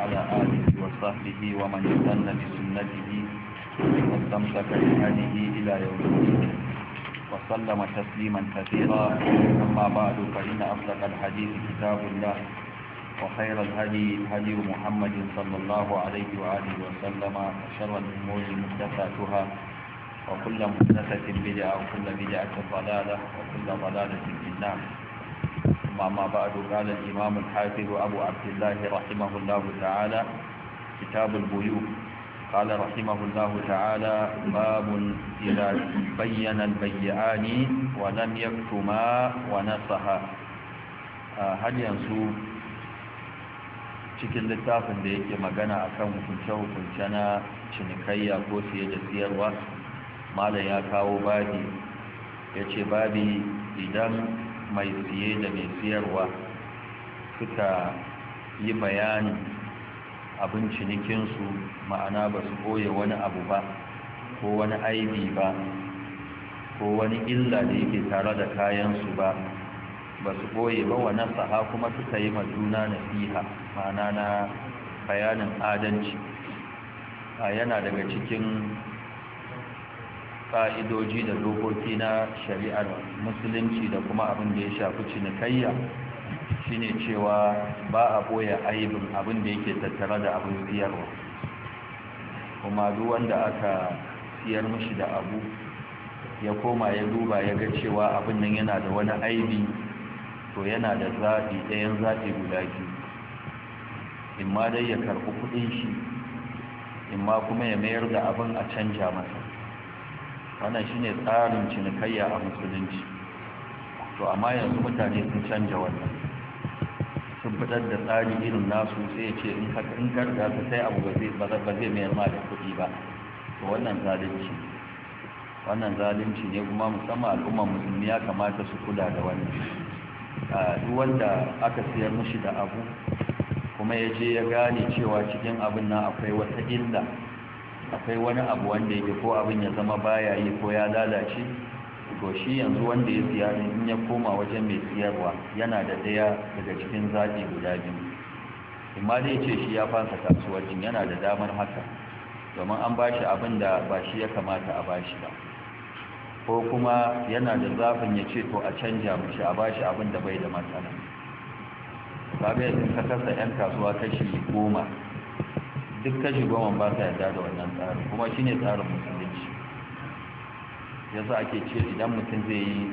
وعلى آله وصحبه ومن يسن بسنته واستمسك بهذه إلى يوم الدين وسلم تسليما كثيرا أما بعد فإن أصدق الحديث كتاب الله وخير الهدي هدي محمد صلى الله عليه وآله وسلم وشر الأمور محدثاتها وكل محدثة بدعة وكل بدعة ضلالة وكل ضلالة في النار أما بعد قال الإمام الحافظ أبو عبد الله رحمه الله تعالى كتاب البيوع قال رحمه الله تعالى باب إذا بين البيعان ولم يكتما ونصها هل ينسو cikin littafin da yake magana akan hukunce-hukunce na cinikayya ko siye da siyarwa malam ya kawo babi ya ce babi idan mai siye da mai siyarwa suka yi bayanin abin cinikinsu ma'ana ba su koye wani abu ba ko wani aibi ba ko wani illa da yake tare da kayansu ba ba su koye ba wa nasaha kuma suka yi majuna juna nasiha ma'ana na bayanin adanci a yana daga cikin ƙa'idoji da dokoki na shari'ar musulunci da kuma abin da ya shafi cinikayya shine cewa ba a ɓoye aibin abin da yake tattara da abin siyarwa kuma duk wanda aka siyar mashi da abu ya koma ya duba ya ga cewa abin nan yana da wani aibi to yana da zaɓi ɗayan zaɓi guda biyu in ma dai ya karɓi kuɗin shi in ma kuma ya mayar da abin a canja masa wannan shi ne tsarin cinikayya a musulunci to amma yanzu mutane sun canja wannan sun fitar da tsari irin nasu sai ya ce in ka da sai abu ba zai mayar ma da kuɗi ba to wannan zalunci wannan zalunci ne kuma musamman al'ummar musulmi ya kamata su kula da wannan duk wanda aka siyar mushi da abu kuma ya je ya gane cewa cikin abin nan akwai wata illa akwai wani abu wanda yake ko abin ya zama baya yi ko ya lalace to shi yanzu wanda ya siya in ya koma wajen mai siyarwa yana da daya daga cikin zaɓi guda biyu amma dai ce shi ya fasa kasuwancin yana da damar haka domin an ba shi abin da ba shi ya kamata a ba shi ba ko kuma yana da zafin ya ce to a canja mishi a ba shi abin da bai da matsala ba bai ka kasa 'yan kasuwa kashi goma duk kashi goma ba ta yarda da wannan tsarin kuma shi ne tsarin musulunci yasa ake ce idan mutum zai yi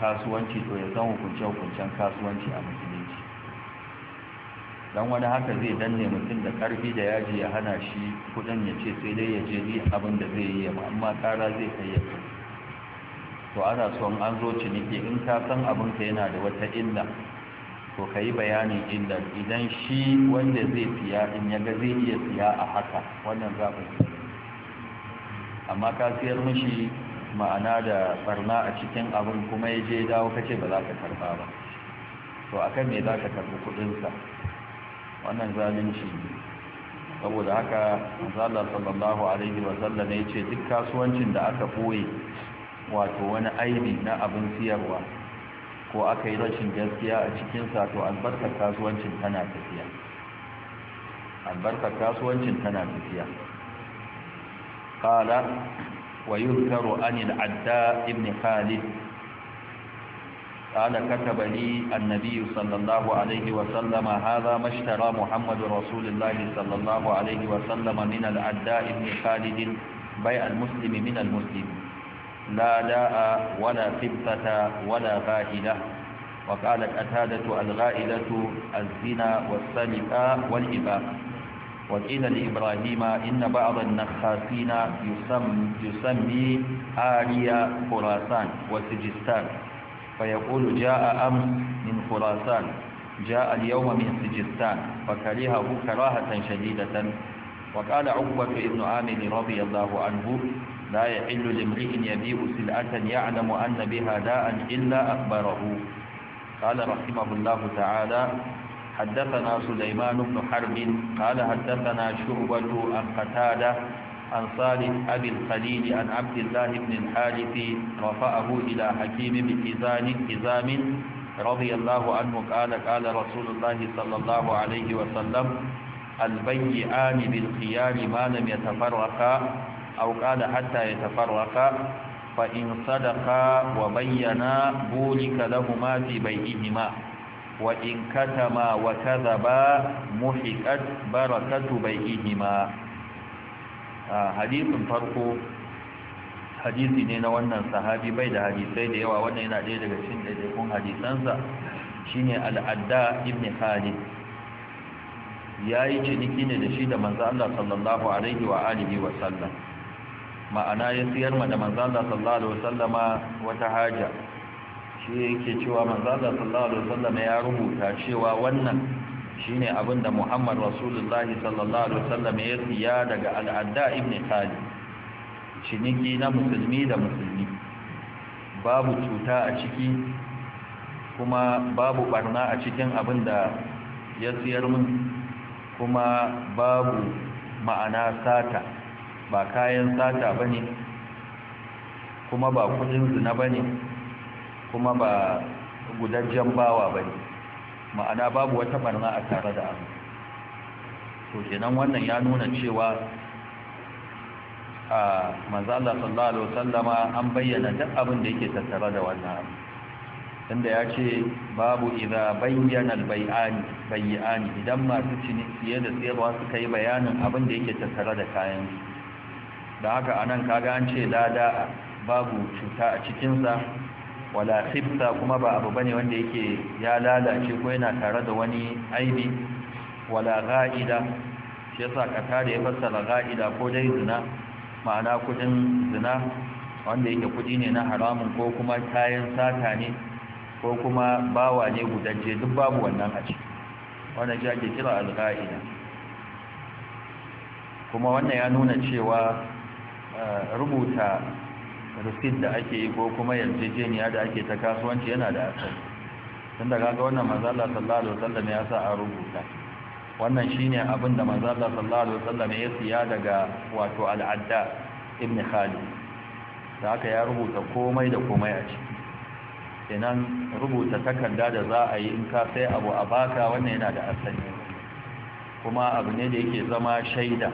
kasuwanci to ya san hukunce-hukuncen kasuwanci a musulunci don wani haka zai danne mutum da karfi da yaji ya hana shi kudin ya ce sai dai ya je ni abin da zai yi ya amma kara zai kai ya to ana son an zo ciniki in ka san abinka yana da wata illa to ka yi bayanin idan shi wanda zai siya in yaga zai iya siya a haka wannan zaɓin amma ka siyar mishi ma'ana da barna a cikin abin kuma ya je dawo kace ba za ka karba ba to a kan me za ka karbi kuɗinsa, wannan zalunci ne saboda haka manzala sallallahu alaihi wa sallam, ya ce duk kasuwancin da aka boye wato wani aibi na abin siyarwa ko aka yi rashin gaskiya a cikinsa to albarkar kasuwancin tana tafiya albarkar kasuwancin tana tafiya qala wa yuzkaru anil adda ibn khalid قال كتب لي النبي sallallahu alaihi عليه وسلم هذا ما اشترى محمد رسول الله صلى الله عليه وسلم من العداء بن خالد بيع المسلم لا داء ولا خبثة ولا غائلة وقالت أتادة الغائلة الزنا والسلفاء والإباء وقيل لإبراهيم إن بعض النخاسين يسمي, يسمي خراسان وسجستان فيقول جاء أمس من خراسان جاء اليوم من سجستان فكرهه كراهة شديدة وقال عقبة بن عامر رضي الله عنه لا يحل لامرئ يبيع سلعة يعلم أن بها داء إلا أخبره قال رحمه الله تعالى حدثنا سليمان بن حرب قال حدثنا شعبة عن قتادة عن صالح أبي الخليل عن عبد الله بن الحارث رفعه إلى حكيم بكزان حزام رضي الله عنه قال قال رسول الله صلى الله عليه وسلم البيعان بالخيار ما لم يتفرقا aw qala hatta yatafarraqa fa in sadaqa wa bayyana bulika lahumā fī bay'ihimā wa in katama wa kadhaba muhiqat barakatu bay'ihimā hadisin farko hadisi ne na wannan sahabi bai da hadisai da yawa wannan yana ɗaya daga cikin ɗaiɗaikun hadisansa shine al'adda ibn khalid ya yi ciniki ne da shi da manzo Allah sallallahu alaihi wa alihi wa sallam ma'ana ya siyar ma da manzala sallallahu alaihi wasallama wata haja shi yake cewa manzala sallallahu alaihi wasallama ya rubuta cewa wannan shine abin da Muhammad Rasulullahi sallallahu alaihi wasallama ya siya daga al-Adda ibn Khalid ciniki na musulmi da musulmi babu cuta a ciki kuma babu barna a cikin abin da ya siyar min kuma babu ma'ana sata ba kayan sata ba ne kuma ba kudin zina ba ne kuma ba gudajen bawa ba ne ma'ana babu wata barna a tare da abu to kenan wannan ya nuna cewa a manzala sallallahu alaihi wasallama an bayyana duk abin da yake tattare da wannan abu inda ya ce babu idza bayyana albay'ani bay'ani idan masu ciniki da sayarwa suka yi bayanin abin da yake tattare da kayan da haka anan kaga an ce lada babu cuta a cikinsa wala khibta kuma ba abu bane wanda yake ya lalace ko yana tare da wani aibi wala ga'ida shi yasa ka tare ya fassara ga'ida ko dai zina ma'ana kudin zina wanda yake kudi ne na haramun ko kuma kayan sata ne ko kuma bawa ne gudanje duk babu wannan a ciki wannan shi ake kira al-ga'ida kuma wannan ya nuna cewa Eh, rubuta rufin da ake yi ko kuma yarjejeniya da ake ta kasuwanci yana da asali tun da kaga wannan manzala sallallahu alaihi ya sa a rubuta wannan shine abin da manzala sallallahu alaihi ya siya daga wato al'adda ibn khalid da aka ya rubuta komai da komai a ciki kenan rubuta takarda da za a yi in ka sai abu a baka wannan yana da asali kuma abu ne da yake zama shaida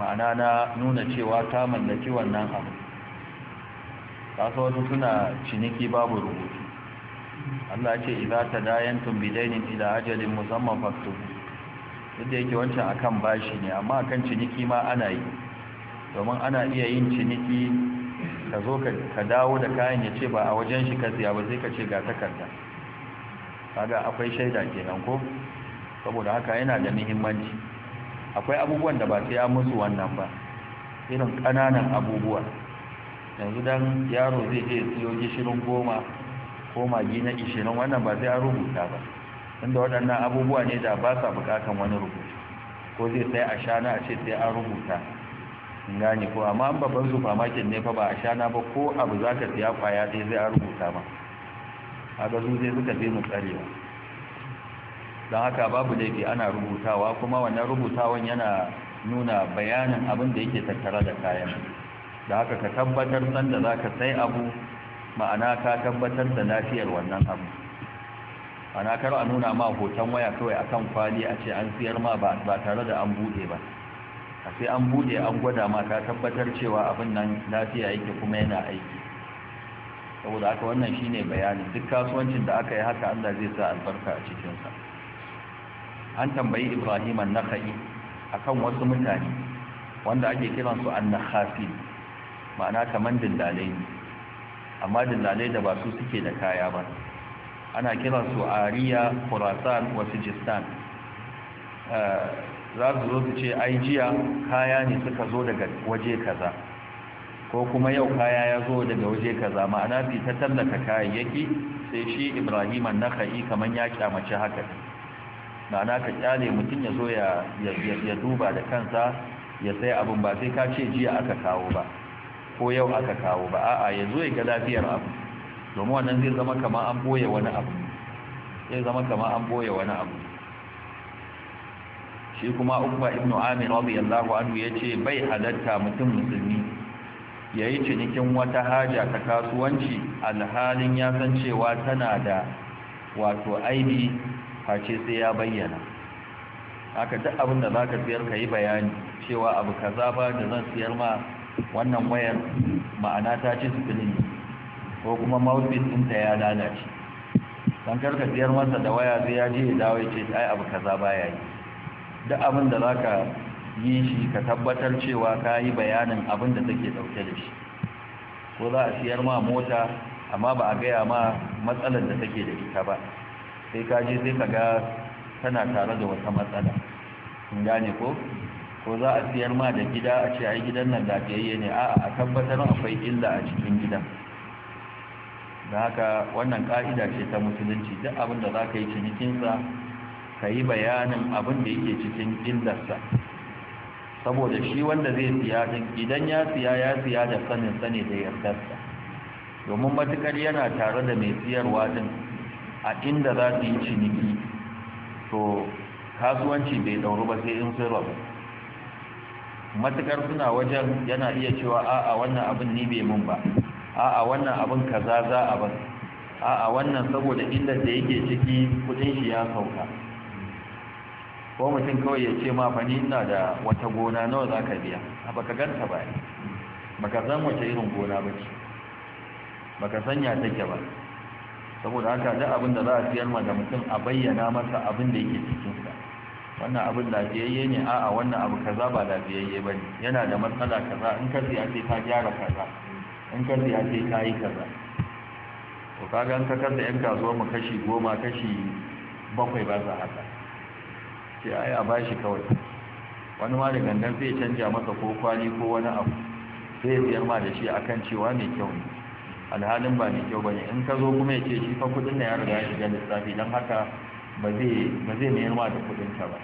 ma'ana na nuna cewa ta mallaki wannan abu kasa wasu suna ciniki babu rubutu Allah ce ta dayan tumbidainin ila ajalin musamman faktub duk da yake wancan akan bashi ne amma akan ciniki ma ana yi domin ana iya yin ciniki ka zo ka dawo da kayan ya ce ba a wajen shi ka siya ba sai ka ce ga takarda kaga akwai shaida kenan ko saboda haka yana da muhimmanci akwai abubuwan da ba sai ya musu wannan ba irin ƙananan abubuwa yanzu dan yaro zai je siyo gishirin goma ko magi na ishirin wannan ba sai an rubuta ba inda waɗannan abubuwa ne da ba sa buƙatan wani rubutu ko zai sai a shana a ce sai an rubuta in gane ko amma an babban supermarket ne fa ba a shana ba ko abu za ka siya kwaya sai zai an rubuta ba a ga zuzai zai suka fi mu tsarewa don haka babu laifi ana rubutawa kuma wannan rubutawan yana nuna bayanin abin da yake tattare da kayan da haka ka tabbatar sanda za ka sai abu ma'ana ka tabbatar da lafiyar wannan abu ana kar a nuna ma hoton waya kawai akan kwali a ce an siyar ma ba tare da an buɗe ba a sai an buɗe an gwada ma ka tabbatar cewa abin nan lafiya yake kuma yana aiki saboda haka wannan shine bayanin duk kasuwancin da aka yi haka Allah zai sa albarka a cikinsa an tambayi ibrahim annaka'i akan wasu mutane wanda ake kiran su an ma'ana kaman dillalai amma dillalai da ba su suke da kaya ba ana kiran su ariya khurasan wa sijistan eh, za su zo su ce ai jiya kaya ne suka zo daga waje kaza ko kuma yau kaya ya zo daga waje kaza ma'ana fitattar da tallata kayayyaki sai shi ibrahim an kaman ya kyamace haka ma'ana ka kyale mutum ya zo ya duba da kansa ya sai abin ba sai ka ce jiya aka kawo ba ko yau aka kawo ba a'a ya zo ya ga lafiyar abu domin wannan zai zama kamar an boye wani abu zai zama kamar an boye wani abu shi kuma ukba ibnu amir radiyallahu anhu yace bai halatta mutum musulmi yayi cinikin wata haja ta kasuwanci alhalin ya san cewa tana da wato aibi face sai ya bayyana haka duk abin da za ka siyar ka yi bayani cewa abu ka ba da zan siyar ma wannan wayar ma'ana ta ci ne ko kuma mouthpiece ɗinta ya lalace don karka siyar masa da waya sai ya je ya dawo ya ce ai abu kaza ba ya yi duk abin da za ka yi shi ka tabbatar cewa ka yi bayanin abin da take ɗauke da shi ko za a siyar ma mota amma ba a gaya ma matsalar da take da ita ba sai ka je sai ka ga tana tare da wata matsala in gane ko ko za a siyar ma da gida a ce ai gidan nan lafiyayye ne a a tabbatar akwai illa a cikin gidan da haka wannan ka'ida ce ta musulunci duk abin da za ka yi cinikinsa ka yi bayanin abin da yake cikin illarsa saboda shi wanda zai siya din idan ya siya ya siya da sanin sani da yardarsa domin matukar yana tare da mai siyarwa din a inda za su yi ciniki to kasuwanci bai dauru ba sai in sun rabu matukar suna wajen yana iya cewa a'a wannan abin ni bai mun ba a'a wannan abin kaza za a ban a'a wannan saboda inda da yake ciki kudin shi ya sauka ko mutum kawai ya ce ma fa ni ina da wata gona nawa za ka biya a baka ganta ba baka san wace irin gona ba ce baka sanya take ba saboda haka duk abin da za a siyar ma da mutum a bayyana masa abin da yake cikinsa wannan abin lafiyayye ne a'a wannan abu kaza ba lafiyayye ba ne yana da matsala kaza in ka siya sai ka gyara kaza in ka siya sai ka yi kaza to kaga in ka kasa yan kasuwar mu kashi goma kashi bakwai ba za haka sai ai a bashi kawai wani ma da gangan zai canja masa ko kwali ko wani abu sai ya siyar ma da shi akan cewa mai kyau ne alhalin ba mai kyau bane in ka zo kuma ya ce shi fa kudin na ya riga ya shiga lissafi don haka ba zai mayar ma da kudinta ba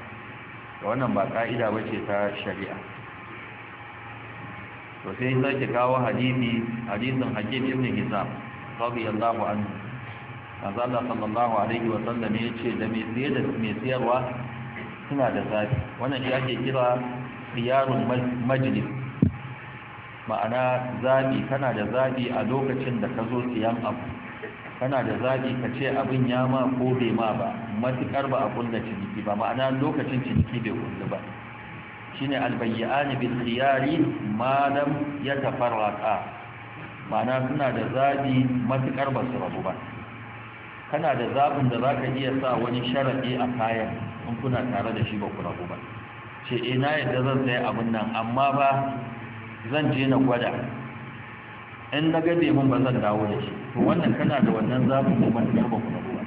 da wannan ba ka'ida ba ce ta shari'a to sai sake kawo hadisi hadisin hakim ibn hizam radiyallahu anhu azalla sallallahu alaihi wa sallam ya ce da mai siye da mai siyarwa suna da zafi wannan shi ake kira siyarun majlis ma'ana zabi kana da zabi a lokacin da ka zo siyan abu kana da zabi ka ce abin ya ma ko bai ma ba matukar ba a kunna ciniki ba ma'ana lokacin ciniki bai kunna ba shine albayyani bil khiyari ma ya yatafarraqa ma'ana kana da zabi matukar ba su rabu ba kana da zabin da zaka iya sa wani sharadi a kayan in kuna tare da shi ba ku rabu ba ce ina eh, na yadda zan sai abin nan amma ba zan je na gwada in na gade mun ba zan dawo da shi to wannan kana da wannan zafin kuma da karba kuma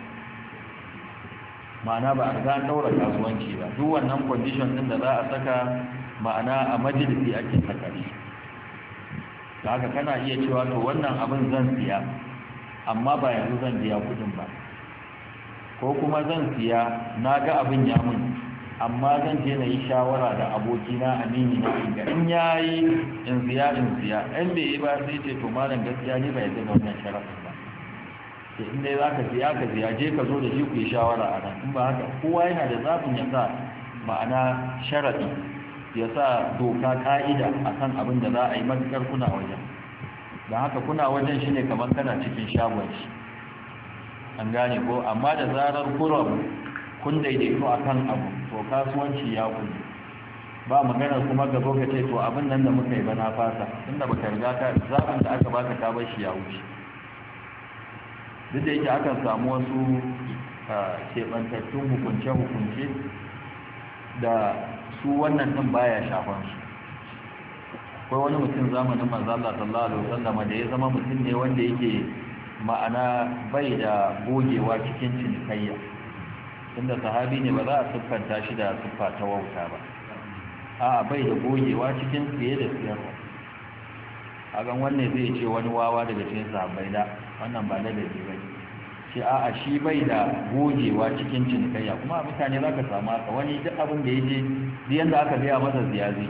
ma'ana ba a za daura kasuwanci ba duk wannan condition din da za a saka ma'ana a majalisi ake saka shi da haka kana iya cewa to wannan abin zan siya amma ba yanzu zan biya kudin ba ko kuma zan siya na ga abin ya mun amma zan je na yi shawara da abokina amini na inda in ya yi in ziya in ziya in bai yi ba sai ce to malam gaskiya ne ba yadda da wannan sharafin ba sai in dai za ka ziya ka ziya je ka zo da shi ku yi shawara a nan in ba haka kowa yana da zafin ya sa ma'ana sharaɗi ya sa doka ka'ida a kan abin da za a yi matuƙar kuna wajen don haka kuna wajen shi ne kamar kana cikin shagon shi an gane ko amma da zarar kurabu kun daidaito a kan abu to kasuwanci ya kulle ba magana kuma ga zo ka ce to abin nan da muka yi ba na fasa inda ba riga ka zaɓin da aka baka ka bar shi ya wuce duk da yake akan samu wasu keɓantattun hukunce-hukunce da su wannan ɗin baya shafan su akwai wani mutum zamanin manzala sallallahu alaihi wasallam da ya zama mutum ne wanda yake ma'ana bai da gogewa cikin cinikayya tunda sahabi ne ba za a siffanta shi da siffa ta wauta ba a bai da gogewa cikin fiye da siyarwa a gan wannan zai ce wani wawa daga cikin sahabai da wannan ba da gaji ba ce a a shi bai da gogewa cikin cinikayya kuma a mutane za ka samu haka wani duk abin da ya je biyan da aka gaya masa ziyazi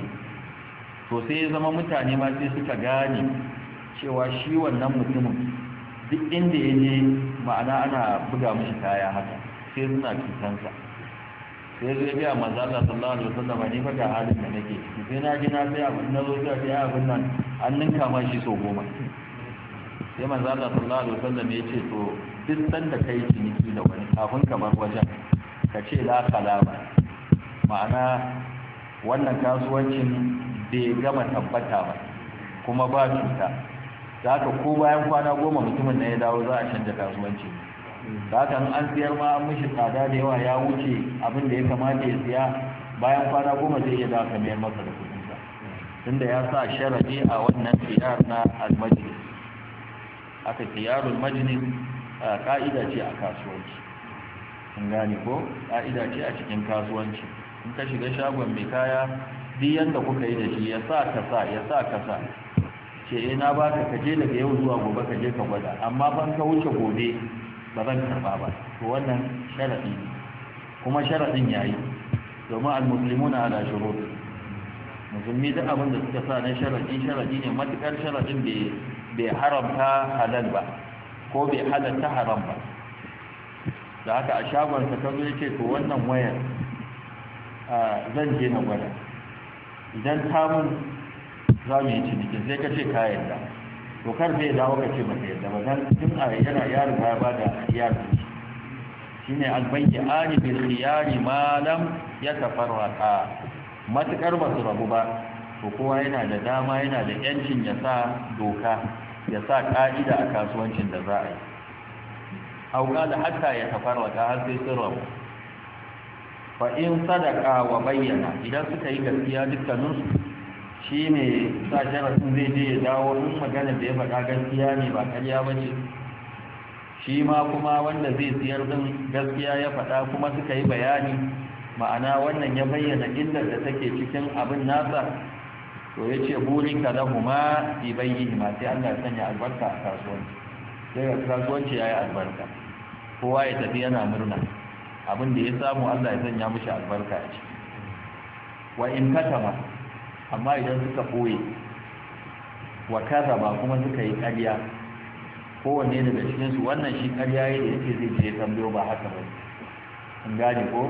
to sai ya zama mutane ma sai suka gane cewa shi wannan mutumin duk inda ya je ma'ana ana buga mashi kaya haka sai suna cutansa sai zai biya maza sallama da wasu zama ne fata halin da nake ciki sai na ji na sai abin na zo ta sai abin nan an ninka ma shi so goma sai maza sallama da wasu zama ya ce to duk sanda yi ciniki da wani kafin ka bar wajen ka ce la kalama ma'ana wannan kasuwancin bai gama tabbata ba kuma ba cuta za ka ko bayan kwana goma mutumin na ya dawo za a canza kasuwanci hakan an siyar ma an mishi tsada da yawa ya wuce abin da ya kamata ya siya bayan kwana goma zai iya da aka masa da kudinsa tunda ya sa sharadi a wannan siyar na almajini aka siyarul majini ka'ida ce a kasuwanci in gane ko ka'ida ce a cikin kasuwanci in ka shiga shagon mai kaya duk yanda kuka yi da shi ya sa ka sa ya sa ka sa ce ina eh, baka ka je daga yau zuwa gobe ka je ka gwada amma ban ka wuce gobe ba zan karba ba to wannan sharadi kuma sharadin yayi domin almuslimuna ala shurut musulmi duk abin da suka sa na sharadi sharadi ne matukar sharadin bai haramta halal ba ko bai halatta haram ba da haka a shagonsa ta zo yake to wannan wayar zan je na gwada idan ta mun za mu yi ciniki sai ka ce ka yarda to kar sai dawo ka ce mata yadda ba dan tun a yana ya riga ya bada iyaka shine an bayyana ani bil khiyari ma lam yatafarraqa matakar ba su rabu ba to kowa yana da dama yana da yancin ya sa doka ya sa ka'ida a kasuwancin da za a yi auka da hatta ya ta har sai sun rabu fa in sadaka wa bayyana idan suka yi gaskiya dukkaninsu shi ne sa sharasin zai je ya dawo in magana da ya faɗa gaskiya ne ba karya ba ce shi ma kuma wanda zai siyar din gaskiya ya faɗa kuma suka yi bayani ma'ana wannan ya bayyana illar da take cikin abin nasa to ya ce ka da huma fi bayyihima sai Allah ya sanya albarka a kasuwanci sai ga kasuwanci ya yi albarka kowa ya tafi yana murna abin da ya samu Allah ya sanya mishi albarka a ciki wa in katama amma idan suka boye wa kaza ba kuma suka yi ƙarya kowanne daga cikinsu wannan shi ƙarya ya da yake zai je tambayo ba haka ba in gane ko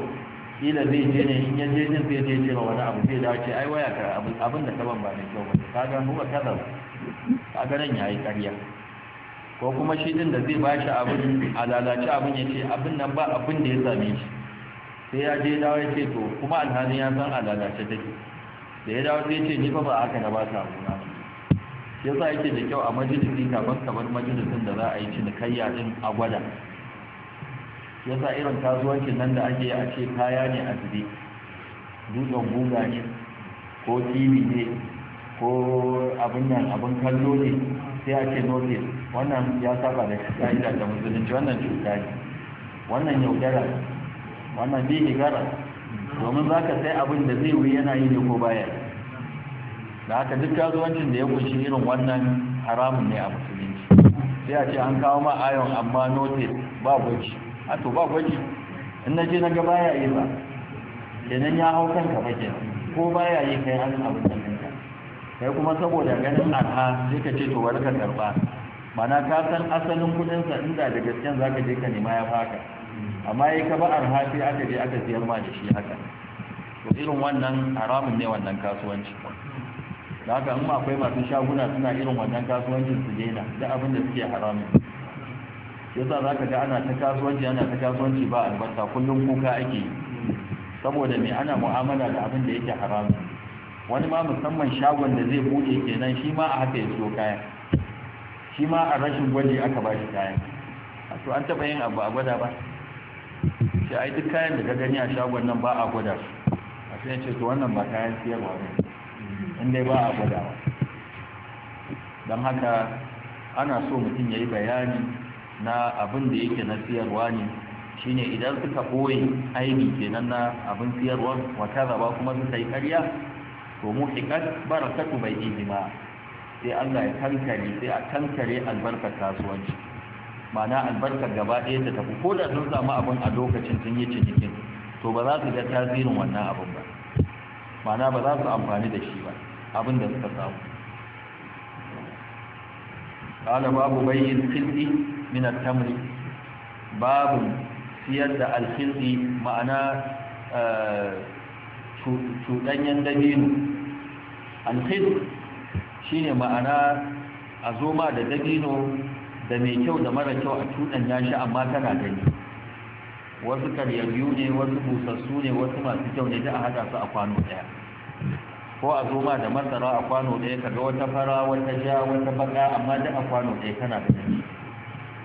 kila zai je ne in yaje jin zai je ce ba wani abu zai dace ai waya ka abin da kaban ba ne kyau ba ka ga mu kaza ka ga nan yayi ƙarya ko kuma shi din da zai ba shi abin a lalace abin ya ce abin nan ba abin da ya same shi sai ya je dawo ya ce to kuma alhalin ya san a lalace take da ya dawo sai ce ni fa ba haka na ba ta abuna ya sa yake da kyau a majalisi kafin kamar majalisin da za a yi cinikayya din a gwada ya sa irin kasuwancin nan da ake a ce kaya ne a zube dutsen guga ne ko tv ne ko abin nan abin kallo ne sai a ce wannan ya saba da ka'ida da musulunci wannan cuta ne wannan yaudara wannan bi domin za ka sai abin da zai wuri yana yi ne ko baya da haka duk kasuwancin da ya kunshi irin wannan haramun ne a musulunci sai a ce an kawo ma ayon amma note ba gwaji a to ba gwaji in na je na ga baya yi ba kenan ya hau kanka ba bakin ko baya yi kai an abin da kanka kai kuma saboda ganin arha sai ka ce to wani ka karba mana ka san asalin kudinsa inda da gaskiyan za ka je ka nema ya faka amma yi ka ba hafi aka je aka siyar ma da shi haka to irin wannan haramun ne wannan kasuwanci da haka in akwai masu shaguna suna irin wannan kasuwanci su daina da abin da suke haramun yasa za ka ga ana ta kasuwanci ana ta kasuwanci ba albarka kullum kuka ake yi saboda mai ana mu'amala da abin da yake haramun wani ma musamman shagon da zai buɗe kenan shi ma a haka ya siyo kaya shi ma a rashin gwaji aka ba shi A to an taɓa yin abu a gwada ba shi a yi duk kayan da ka gani a shagon nan ba a gwada su a sai ce to wannan ba kayan siyarwa ne in ba a gwadawa don haka ana so mutum ya yi bayani na abin da yake na siyarwa ne shine idan suka ɓoye aini kenan na abin siyarwa wata zaba kuma suka yi karya to mu hikat barakatu bai ijima sai Allah ya kankare sai a kankare albarkar kasuwanci ma'ana albarkar gaba ɗaya ta tafi ko da sun samu abin a lokacin sun yi cinikin to ba za su ga tasirin wannan abin ba mana ba za su amfani da shi ba abin da suka samu ƙala babu bayyin filɗi min tamri babu siyar da alfilɗi ma'ana eh, cuɗanyen dabino shi ne ma'ana a zo da dabino da mai kyau da mara kyau a cuɗan ya shi amma tana gani wasu karyayyu ne wasu busassu ne wasu masu kyau ne da a haɗa su a kwano ɗaya ko a zo ma da masara a kwano ɗaya ka ga wata fara wata ja wata baka amma da a kwano ɗaya tana da gani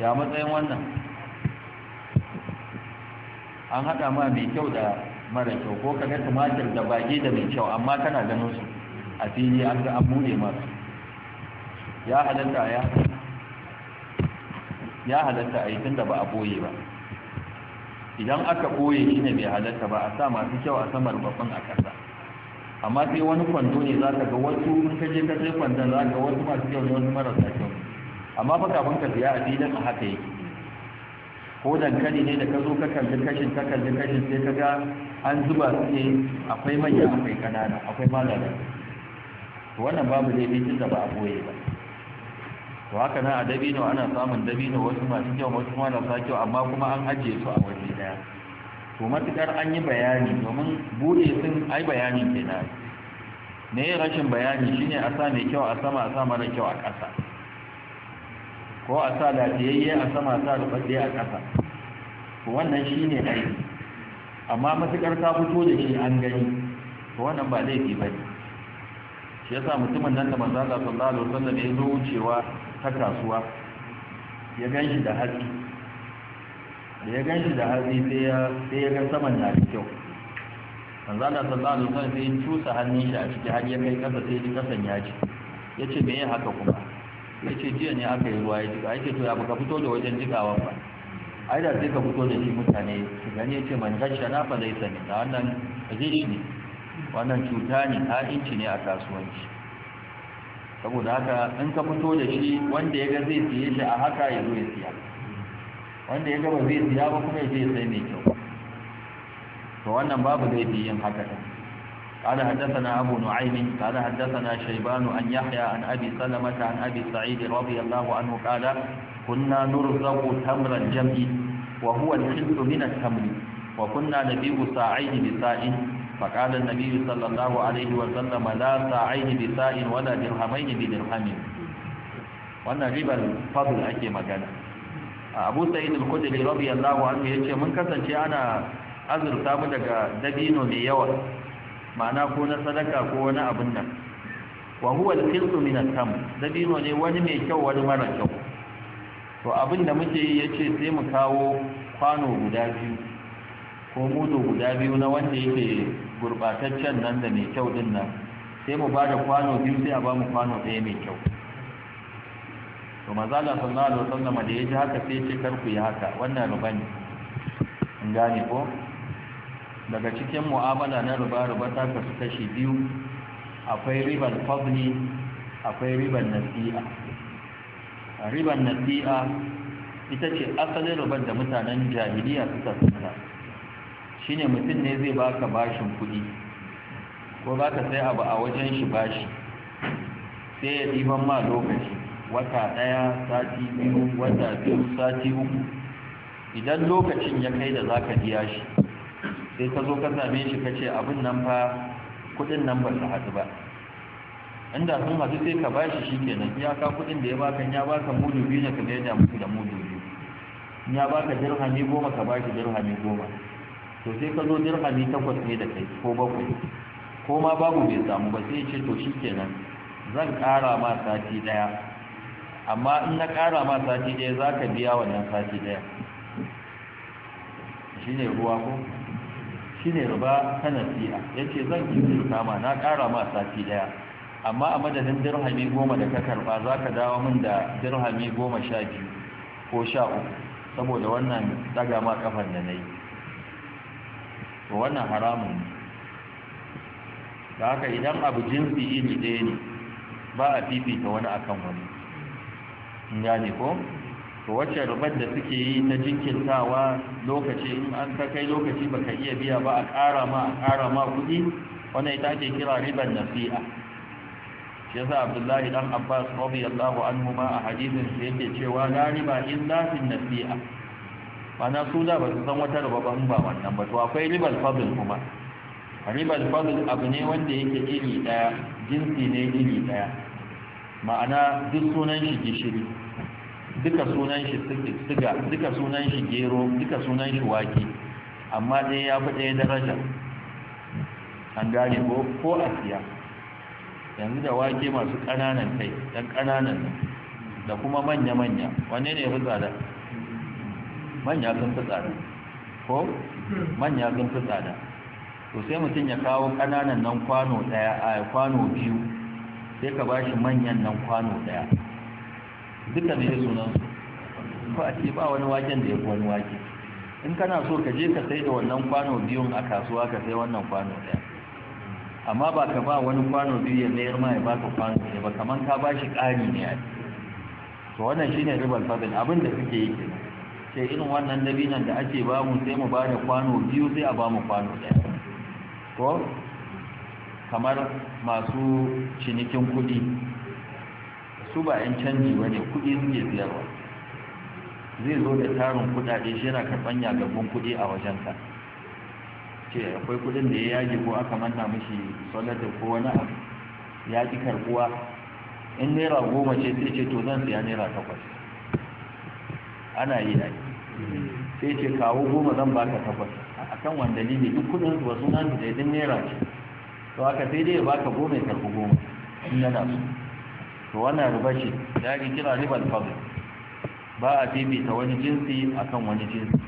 ya matsayin wannan an haɗa ma mai kyau da mara kyau ko ka ga tumatir da bage da mai kyau amma tana ganin su a fili an ga an bude masu ya halatta ya halatta ya halatta a yi tun da ba a ɓoye ba idan aka ɓoye shi ne bai halatta ba a sa masu kyau a samar babban a ƙasa amma sai wani kwando ne za ka ga wasu kaje ka je sai kwandon za ka wasu masu kyau ne wasu marasa kyau amma fa kafin ka siya a filin a haka yake ko dankali ne da ka zo ka kalli kashin ka kalli kashin sai ka ga an zuba su ne akwai manya akwai ƙanana akwai malala wannan babu dai tun da ba a ɓoye ba to haka nan a dabino ana samun dabino wasu masu kyau wasu marasa kyau amma kuma an ajiye su a waje daya to matukar an yi bayani domin bude sun ai bayanin kenan ne rashin bayani shine a sa mai kyau a sama a sa mara kyau a ƙasa ko a sa lafiyayye a sama a sa rubabbe a ƙasa to wannan shine aiki amma matukar ka fito da shi an gani to wannan ba laifi ne. shi yasa mutumin nan da manzo Allah sallallahu alaihi wasallam ya zo wucewa ta kasuwa ya gan shi da hatsi da ya gan shi da hatsi sai ya gan saman na da kyau manzana sallallahu a wasallam sai in cusa hannun shi a ciki har ya kai kasa sai ji kasan ya ci ya ce me haka kuma ya ce jiya ne aka yi ruwa ya jika ya ce to ya baka fito da wajen jikawa ba ai da sai ka fito da shi mutane su gani ya ce man gasha na fa zai sani da wannan rishi ne wannan cuta ne ha'inci ne a kasuwanci saboda haka in ka fito da shi wanda ya ga zai siye shi a haka ya zo ya siya wanda ya gaba zai siya ba kuma ya je sai mai kyau to wannan babu zai fi yin haka din قال حدثنا أبو نعيم قال حدثنا شيبان أن يحيى عن أبي سلمة عن أبي سعيد رضي الله عنه قال كنا نرزق تمر الجمع وهو الخلط من التمر وكنا نبيع ساعين بساء فقال النبي صلى الله عليه وسلم لا ساعين بساء ولا درهمين بدرهم wannan ribar fadl ake magana abu sa'id al-khudri radiyallahu anhu yace mun kasance ana azurta mu daga dabino mai yawa ma'ana ko na sadaka ko wani abin nan wa huwa al-khilqu min al-tam dabino ne wani mai kyau wani mara kyau to abin da muke yi yace sai mu kawo kwano guda biyu ko mudu guda biyu na wanda yake gurbataccen nan da mai kyau din nan sai mu bada kwano biyu sai a ba mu kwano ɗaya mai kyau to za sallallahu alaihi wasallam da yaji haka sai ce kar ku yi haka wannan ruba ne in gane ko daga cikin mu'amala na ruba ruba ta kasu kashi biyu akwai riban fadli akwai riban nasi'a ribar nasi'a ita ce asalin ruban da mutanen jahiliya suka tsara shine mutum ne zai baka bashin kuɗi ko za ka sai abu a wajen shi bashi sai ya ɗiban ma lokaci wata ɗaya sati biyu wata biyu sati uku idan lokacin ya kai da za ka biya shi sai ka zo ka same shi ka ce abin nan fa kuɗin nan ba su haɗu ba inda sun haɗu sai ka bashi shi kenan iyaka kuɗin da ya baka ya baka mudu biyu na ka mai da mutu da mudu biyu ya baka jirhami goma ka bashi jirhami goma to sai ka zo dirhami takwas ne da kai ko bakwai ko ma babu bai samu ba sai ce to shikenan zan ƙara ma sati ɗaya amma in na ƙara ma sati ɗaya za ka biya wannan sati ɗaya shi ne ruwa ko shi ne ruba ta nasiha ya ce zan kirkirta ma na ƙara ma sati ɗaya amma a madadin dirhami goma da ka karba za ka dawo min da dirhami goma sha biyu ko sha uku saboda wannan daga ma kafan da na yi to wannan haramun ne da haka idan abu jinsi iri ɗaya ne ba a fifita wani akan wani in gane ko to wacce rubar da suke yi na jinkirtawa lokaci in an ta kai lokaci baka iya biya ba a ƙara ma a ƙara ma kuɗi wani ita ake kira ribar nasi'a shi yasa abdullahi dan abbas radiyallahu anhu ma a hadisin sai yake cewa na riba illa fi nasi'a mana su da ba su san wata raba ban ba wannan ba to akwai ribal fadl kuma ribal fadl abu ne wanda yake iri daya jinsi ne iri daya ma'ana duk sunan shi gishiri duka sunan shi siga duka sunan shi gero duka sunan shi wake amma dai ya fi ɗaya daraja an gane ko ko asiya yanzu da wake masu ƙananan kai dan ƙananan da kuma manya-manya wanne ne ya fi tsada manya sun fi tsada ko manya sun fi tsada to sai mutum ya kawo ƙananan nan kwano ɗaya a kwano biyu sai ka ba shi manyan nan kwano ɗaya duka ne sunan su ko a ce ba wani waken da ya fi wani wake in kana so ka je ka sai da wannan kwano biyun a kasuwa ka sai wannan kwano ɗaya amma ba ka ba wani kwano biyu ya mayar ma ya ba ka kwano ba kamar ka ba shi ƙari ne a to wannan shine ribal fadil abin da suke yi kenan sai irin wannan nan da ake ba mu sai mu ba da kwano biyu sai a ba mu kwano ɗaya ko kamar masu cinikin kuɗi su ba 'yan canji ba ne kuɗi suke siyarwa zai zo da tarin kuɗaɗe shi yana karɓar yagaggun kuɗi a wajenka ce akwai kuɗin da ya yage ko aka manna mishi solatin ko wani abu ya ƙi karɓuwa in naira goma ce sai ce to zan siya naira takwas ana yi da sai ce kawo goma zan baka tabbas a kan wanda ne ne duk kudin su wasu nan da yadin naira ce to aka sai dai ya baka goma ya karfi goma in yana so to wannan riba ce da ake kira riba alfabu ba a fifita wani jinsi a kan wani jinsi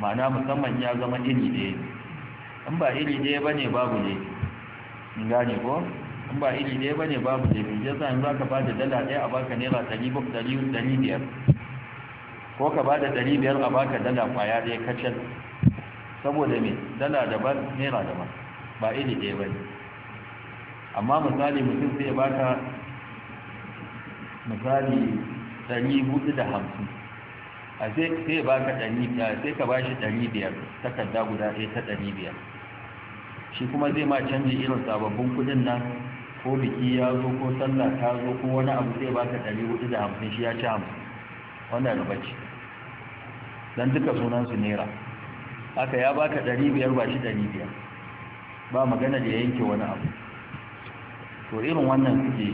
ma'ana musamman ya zama iri ɗaya in ba iri ɗaya ba ne babu ne in gane ko in ba iri ɗaya ba ne babu ne bin jasa in za ka ba da dala ɗaya a baka naira ɗari biyar ko ka ba da ɗari biyar a baka dala kwaya ɗaya kacal saboda me dala daban naira daban ba iri ɗaya ba amma misali mutum sai ba ka misali ɗari hudu da hamsin a sai ba ka ɗari sai ka ba shi ɗari biyar takarda guda ɗaya ta ɗari biyar shi kuma zai ma canji irin sababbin kudin nan ko biki ya zo ko sallah ta zo ko wani abu zai baka ɗari hudu da hamsin shi ya ci hamsin wannan rubaci dan duka sunansu nera. aka ya baka ɗari biyar ba shi ɗari ba magana da ya yanke wani abu to irin wannan suke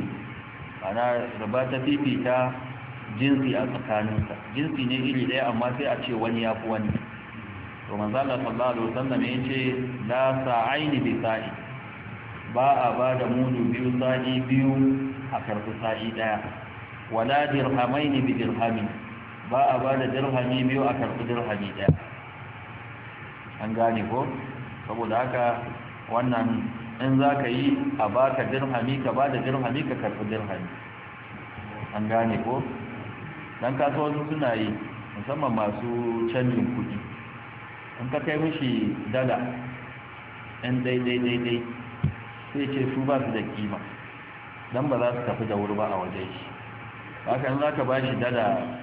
ana raba ta fifita jinsi a tsakaninsa jinsi ne iri ɗaya amma sai a ce wani ya fi wani to manzala sallallahu alaihi wasallam ya ce la sa'aini bi sa'i ba a ba da mudu biyu sa'i biyu a karfi sa'i ɗaya wala dirhamaini bi dirhamin ba a ba da dirhami biyu a karɓi dirhami ɗaya an gane ko saboda haka wannan in za ka yi a ba ka dirhami ka ba da dirhami ka karɓi dirhami an gane ko don kasuwanci suna yi musamman masu canjin kuɗi in ka kai mushi dala ɗan daidai daidai sai ce su ba su da kima don ba za su tafi da wuri ba a waje shi ka in za ka ba shi dala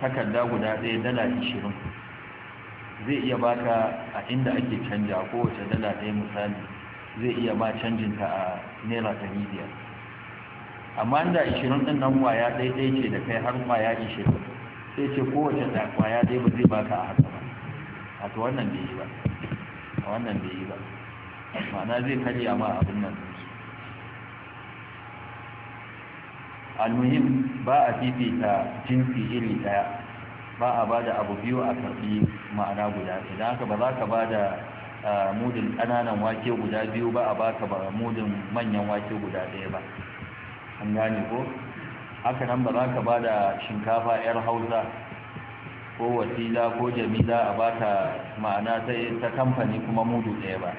takarda guda ɗaya dala ishirin zai iya baka a inda ake canja kowace dala ɗaya misali zai iya ba canjinta a naira ta biyar amma inda ishirin ɗin nan kwaya ɗaya ɗaya ce da kai har kwaya ishirin sai ce kowace kwaya ɗaya ba zai baka a haka ba a to wannan bai yi ba a wannan bai yi ba ma'ana zai karya ma abin nan almuhim ba a fifita jinsi iri daya ba a bada abu biyu a karbi ma'ana guda idan haka ba za ka ba da mudin ƙananan wake guda biyu ba a ba ba mudin manyan wake guda ɗaya ba an gane ko haka nan ba za ka bada shinkafa 'yar hausa ko wasila ko jami'a a ba ma'ana ta kamfani kuma mudu ɗaya ba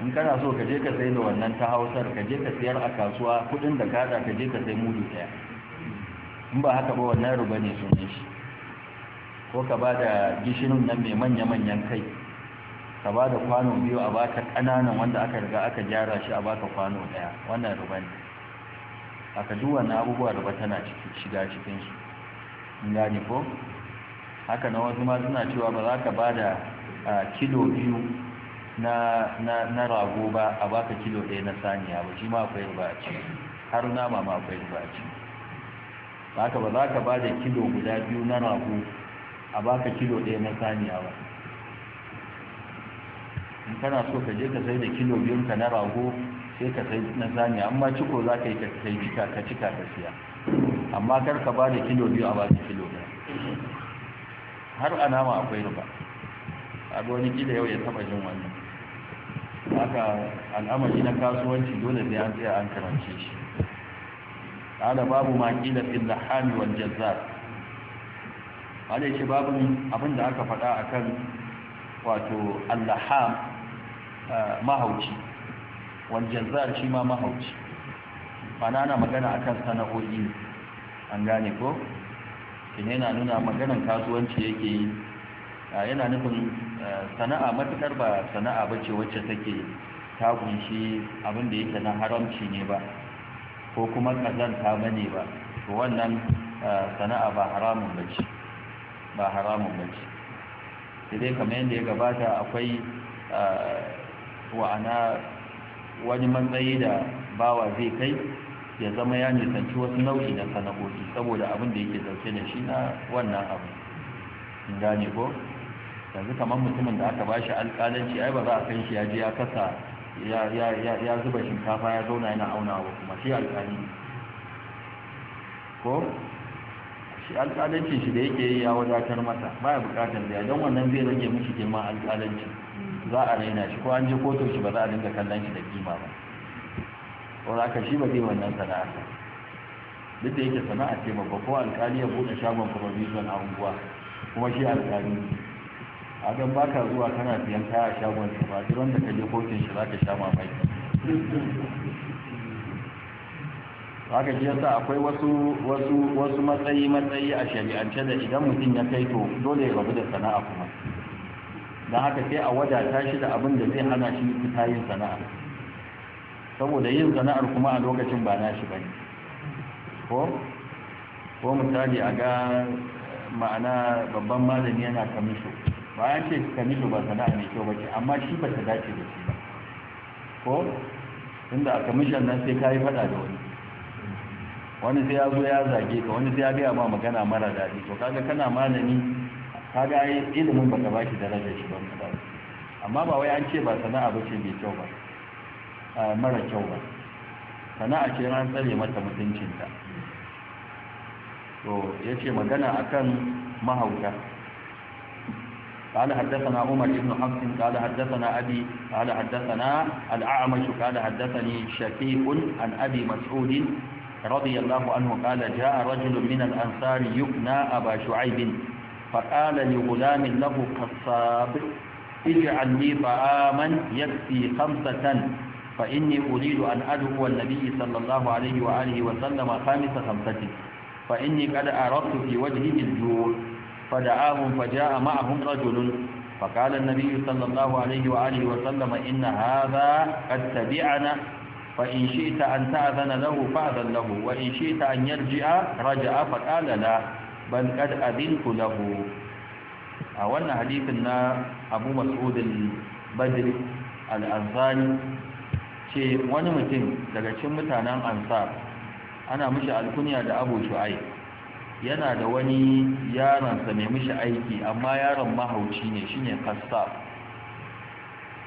in kana so ka je ka sai da wannan ta hausar ka je ka sayar a kasuwa kudin da kada ka je ka sai mudu daya in ba haka ba wannan ruba ne sun shi ko ka ba da gishirin nan mai manya-manyan kai ka ba da kwano biyu a baka ƙananan wanda aka riga aka gyara shi a baka kwano daya wannan ruba ne aka duk wannan abubuwa ruba tana shiga cikinsu in gani ko haka na wasu ma suna cewa ba za ka ba da ah, kilo biyu na rago ba a baka kilo ɗaya na saniya ba shi ma akwai ruba a ciki har nama ma akwai ruba a Ba haka ba za ka ba da kilo guda biyu na rago a baka kilo ɗaya na saniya ba in kana so ka je ka sai da kilo biyun ka na rago sai ka sai na saniya amma ciko za ka yi ka sai jika ka cika ka siya amma kar ka ba da kilo biyu a baka kilo ɗaya har a nama akwai riba a wani kila yau ya taɓa jin wannan haka al'amari na kasuwanci dole sai an tsaya an karance shi ala babu ma kila fil lahami wal jazzar hade shi babu abin da aka faɗa akan wato al-laham eh, mahauci wal jazzar shi ma mahauci Bana ana magana akan sana'o'i an gane ko kin yana nuna maganan kasuwanci yake yi ah, yana nufin sana'a matukar ba sana'a bace wacce take ta kunshi abin da yake na haramci ne ba ko kuma kazanta bane ba to wannan eh, sana'a ba haramun bace ba haramun bace sai dai kamar yadda ya gabata akwai eh, wa'ana wani matsayi da bawa zai kai ya zama ya nisanci wasu nau'i na sana'o'i saboda abin da yake dauke da shi na wannan abu In gane ko yanzu kamar mutumin da aka bashi alƙalanci ai ba za a kan shi ya je ya kasa ya zuba shinkafa ya zauna yana auna wa kuma shi alƙali ko shi alƙalanci shi da yake yi ya wadatar masa ba ya buƙatar da don wannan zai rage mishi girman alƙalanci, za a raina shi ko an je kotun shi ba za a dinga kallon shi da kima ba ko za ka shi ba zai wannan sana'a duk da yake sana'a ce babba ko alƙali ya buɗe shagon kuma a unguwa kuma shi alƙali a don ba zuwa kana siyan kaya a shagon shi ba duk wanda ka je kokin shi za ka sha mamaki ka ji yasa akwai wasu matsayi matsayi a shari'ance da idan mutum ya kai to dole ya rabu da sana'a kuma don haka sai a wadata shi da abin da zai hana shi fita yin sana'a saboda yin sana'ar kuma a lokacin ba na shi bane ko ko misali a ga ma'ana babban malami yana kamisho ba ya ce kamilu ba sana'a mai kyau ba ce amma shi ba ta dace da shi ba ko inda a kamishan nan sai ka yi fada da wani wani sai ya zo ya zage ka wani sai ya gaya ma magana mara daɗi to kaga kana malami ga ilimin baka ba shi darajar shi ba amma ba wai an ce ba sana'a ba ce mai kyau ba mara kyau ba sana'a ce an tsare mata mutuncinta to ya ce magana akan mahauta قال حدثنا عمر بن حفص قال حدثنا أبي قال حدثنا الأعمش قال حدثني شكيء عن أبي مسعود رضي الله عنه قال جاء رجل من الأنصار يبنى أبا شعيب فقال لغلام له قصاب اجعل لي طعاما يكفي خمسة فإني أريد أن أدعو النبي صلى الله عليه وآله وسلم خامس خمسة فإني قد أردت في وجهه الجوع فدعاهم فجاء معهم رجل فقال النبي صلى الله عليه وآله وسلم إن هذا قد تبعنا فإن شئت أن تأذن له فأذن له وإن شئت أن يرجع رجع فقال لا بل قد أذنت له أولنا حديثنا أبو مسعود البدري الأنصاري ce wani mutum daga cikin mutanen ansar ana mishi alkunya da abu shu'aib yana da wani yaransa mai mishi aiki amma yaron mahauci ne shine kasta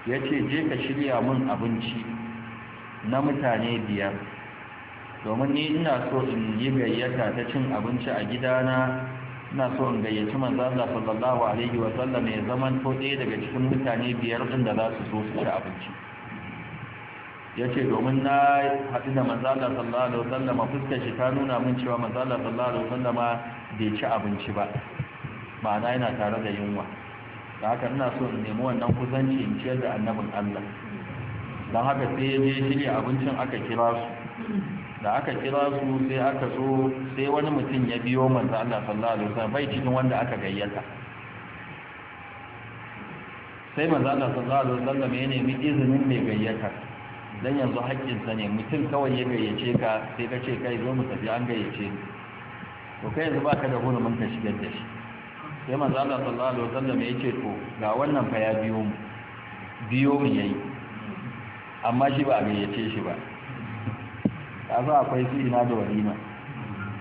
ya ce je ka shirya mun abinci na mutane biyar domin ni ina so in yi gayyata ta cin abinci a gidana ina so in gayyaci manzanza sallallahu alaihi wasallam ya zama to ɗaya daga cikin mutane biyar ɗin da za su so su ci abinci ya ce domin na haɗu da manzala sallallahu alaihi wasallama fuskar shi ta nuna min cewa manzala sallallahu alaihi wasallama bai ci abinci ba Ba na yana tare da yunwa da haka ina so in nemi wannan kusanci in ciyar da annabin Allah don haka sai ya je shirya abincin aka kira su da aka kira su sai aka so sai wani mutum ya biyo manzo Allah sallallahu alaihi bai cikin wanda aka gayyata sai manzo Allah sallallahu alaihi ya nemi izinin mai gayyata dan yanzu haƙƙinsa ne mutum kawai ya gayyace ka sai ka ce kai zo mu tafi an gayyace ni to kai yanzu baka da mun ka shigar da shi sai manzo Allah sallallahu alaihi wasallam ya ce to ga wannan fa ya biyo mu biyo mu yayi amma shi ba a gayyace shi ba a akwai su ina da walima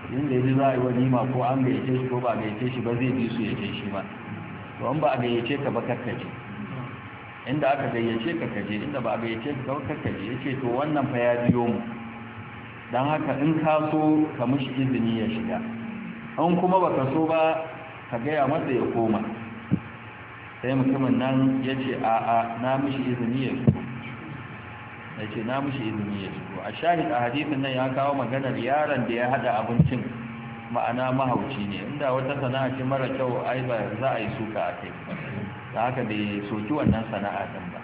inda yaji za a yi walima ko an gayyace shi ko ba a gayyace shi ba zai bi su ya ce shi ma to an ba a gayyace ka ba kakkaje inda aka gayyace ka kaje inda ba a gayyace ka ka kaje to wannan fa ya biyo mu dan haka in ka so ka mishi izini ya shiga an kuma baka so ba ka gaya masa ya koma sai mutumin nan ya ce a a na mishi izini ya shigo ya na mishi izini ya shigo a shahid a hadisin nan ya kawo maganar yaron da ya hada abincin ma'ana mahauci ne inda wata sana'a ce mara kyau ai ba za a yi suka a kai da haka bai soki wannan sana'a din ba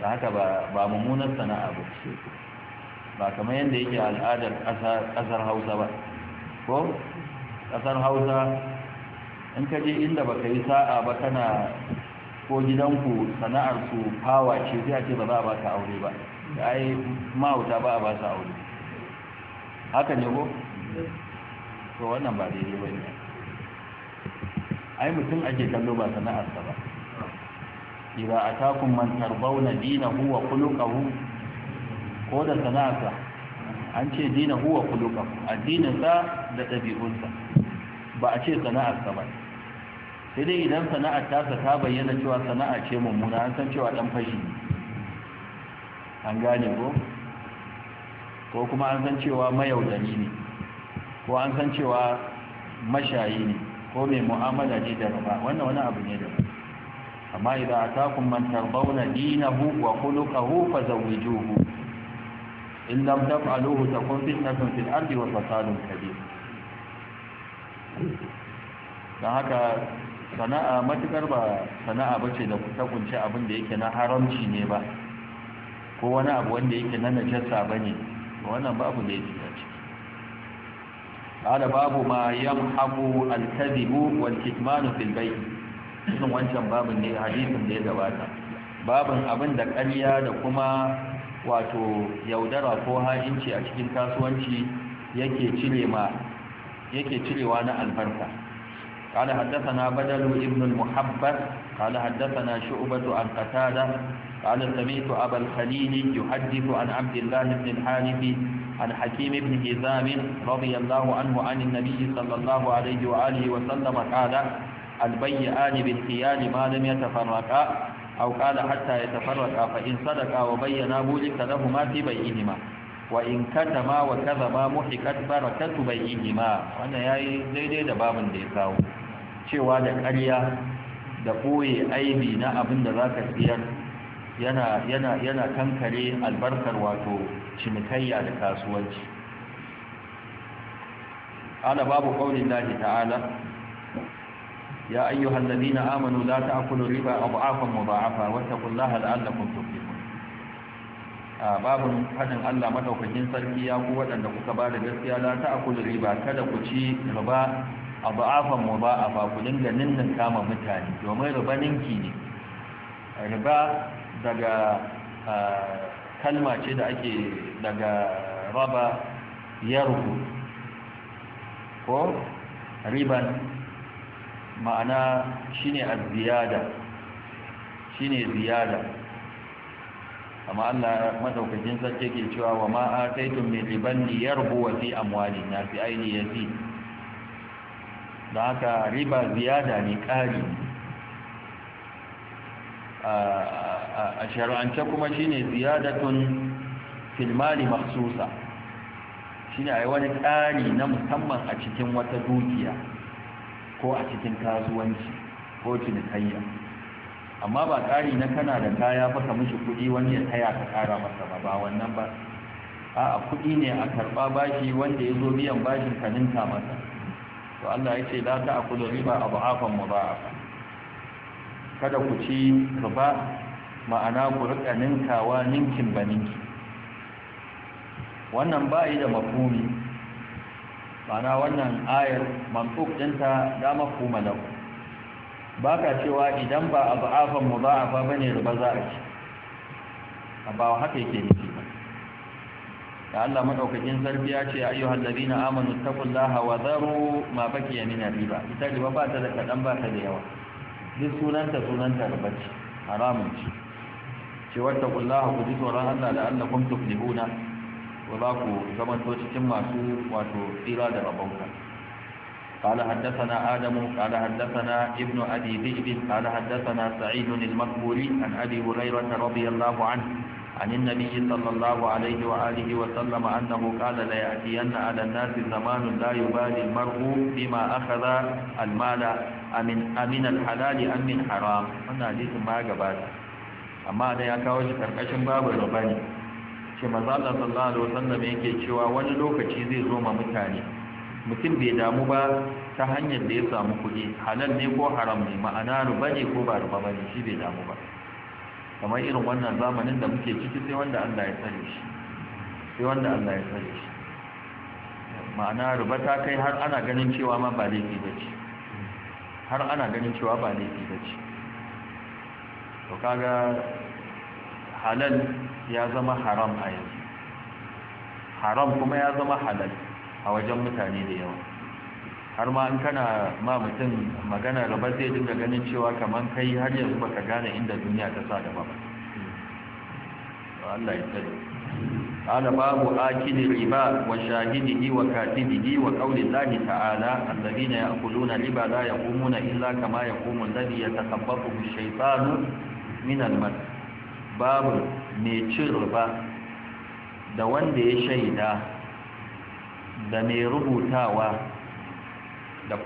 da haka ba mummunar sana'a ba ba kamar yadda yake al'adar ƙasar hausa ba ko ƙasar hausa in ka je inda baka yi sa'a ba kana ko gidanku sana'ar su fawa ce zai ce ba za a ba ka aure ba da ai mahauta ba a ba su aure haka ne ko to wannan ba daidai ba ne ai mutum ake kallo ba sana'arsa ba idza atakum man tarbawna dinahu wa khuluquhu ko da sana'arsa an ce dinahu wa khuluquhu addininsa da dabi'unsa ba a ce sana'arsa ba sai dai idan sana'ar tasa ta bayyana cewa sana'a ce mummuna an san cewa dan fashi an gane ko ko kuma an san cewa mayaudari ne ko an san cewa mashayi ne ko mai mu'amala ne da riba wannan wani abu ne da amma idan atakum man tarbawna dinahu wa khuluquhu fazawwijuhu in lam taf'aluhu takun fitnatun fil ardi wa fasadun kabir dan haka sana'a matukar ba sana'a bace da ta kunce abin da yake na haramci ne ba ko wani abu wanda yake na najasa bane wannan babu da shi قال باب ما يمحق الكذب والكتمان في البيت sun wancan babin ne hadisin da ya gabata babin abin da ƙarya da kuma wato yaudara ko ha'inci a cikin kasuwanci yake cire cirewa na albarka kala haddasana badalu ibnu muhabbat kala haddasana shu'batu an qatada kala sami'tu abal khalili yuhaddithu an Abdullahi ibn al عن حكيم بن هزام رضي الله عنه عن النبي صلى الله عليه وآله وسلم قال البيئان بالخيال ما لم يتفرقا أو قال حتى يتفرقا فإن صدقا وبينا بولك لهما في بيئهما وإن كتما وكذبا محكت بركة بيئهما وأنا ياي زي دي دباب ديساو شوى دك أليا دقوي أيبي نأبن ذاك السيار yana yana yana kankare albarkar wato cinikayya da kasuwanci ana babu qaulin lahi ta'ala ya ayyuhal ladina amanu la ta'kulu riba adhafan mudha'afa wattaqullaha la'allakum tuflihun a babun hadin Allah madaukakin sarki ya ku wadanda kuka ba da gaskiya la ta'kulu riba kada ku ci riba adhafan mudha'afa ku dinga ninnin kama mutane domin riba ninki ne riba daga kalma ce da ake daga raba yarku ko riban ma'ana shine a ziyada ne ziyada amma Allah madaukakin sarki ke cewa wa ma ataitum mai riban yarbu wa fi na nasi aini fi da haka riba ziyada ne ƙari a shari'ance kuma shine ziyadatun filmali Masusa, shine ai wani tsari na musamman a cikin wata dukiya ko a cikin kasuwanci ko cinikayya amma ba tsari na kana da kaya baka mishi kuɗi wani ya taya ka ƙara masa ba ba wannan ba a kuɗi ne a karɓa bashi wanda ya zo biyan bashin ka ninka masa to Allah ya ce za ta a riba mu ba? kada ku ci riba ma'ana ku rika ninkawa ninkin ba ninki wannan yi da mafumi ma'ana wannan ayar mantuk dinta da mafhuma ba baka cewa idan ba mu a za'afa ba ne ruba za a ci ba haka yake nufi ba da Allah madaukakin sarki ya ce ayyuhal ladina amanu taqullaha wa dharu ma baqiya min riba ita riba ba ta da kadan ba ta da yawa duk sunanta sunanta riba ce haramun ce ce wanda kullaha ku ji tsoron Allah da Allah kun tuflihuna wa za ku zama to cikin masu wato tsira da rabauka قال حدثنا آدم قال حدثنا ابن أبي ذئب قال حدثنا سعيد المقبولي عن أبي هريرة رضي الله عنه عن النبي صلى الله عليه وآله وسلم أنه قال لا يأتين على الناس زمان لا يبالي المرء بما أخذ المال أمن, أمن الحلال أم من حرام أنا حديث ما قبل amma dai ya kawo shi karkashin babu riba ne ce mazalla sallallahu alaihi wasallam yake cewa wani lokaci zai zo ma mutane mutum bai damu ba ta hanyar da ya samu kuɗi halal ne ko haram ne ma'ana riba ne ko ba riba shi bai damu ba kamar irin wannan zamanin da muke ciki sai wanda Allah ya tsare shi sai wanda Allah ya tsare shi ma'ana riba ta kai har ana ganin cewa ma ba laifi bace har ana ganin cewa ba laifi bace to kaga halal ya zama haram a yanzu haram kuma ya zama halal a wajen mutane da yawa har ma in kana ma mutum magana gaba zai dinga ganin cewa kamar kai har yanzu baka gane inda duniya ta sa gaba ba Allah ya tsare قال باب آكل الربا وشاهده وكاتبه وقول الله تعالى الذين يأكلون الربا لا يقومون إلا كما يقوم الذي يتخبطه الشيطان minal mal babu mai cin ruba da wanda ya shaida da mai rubutawa da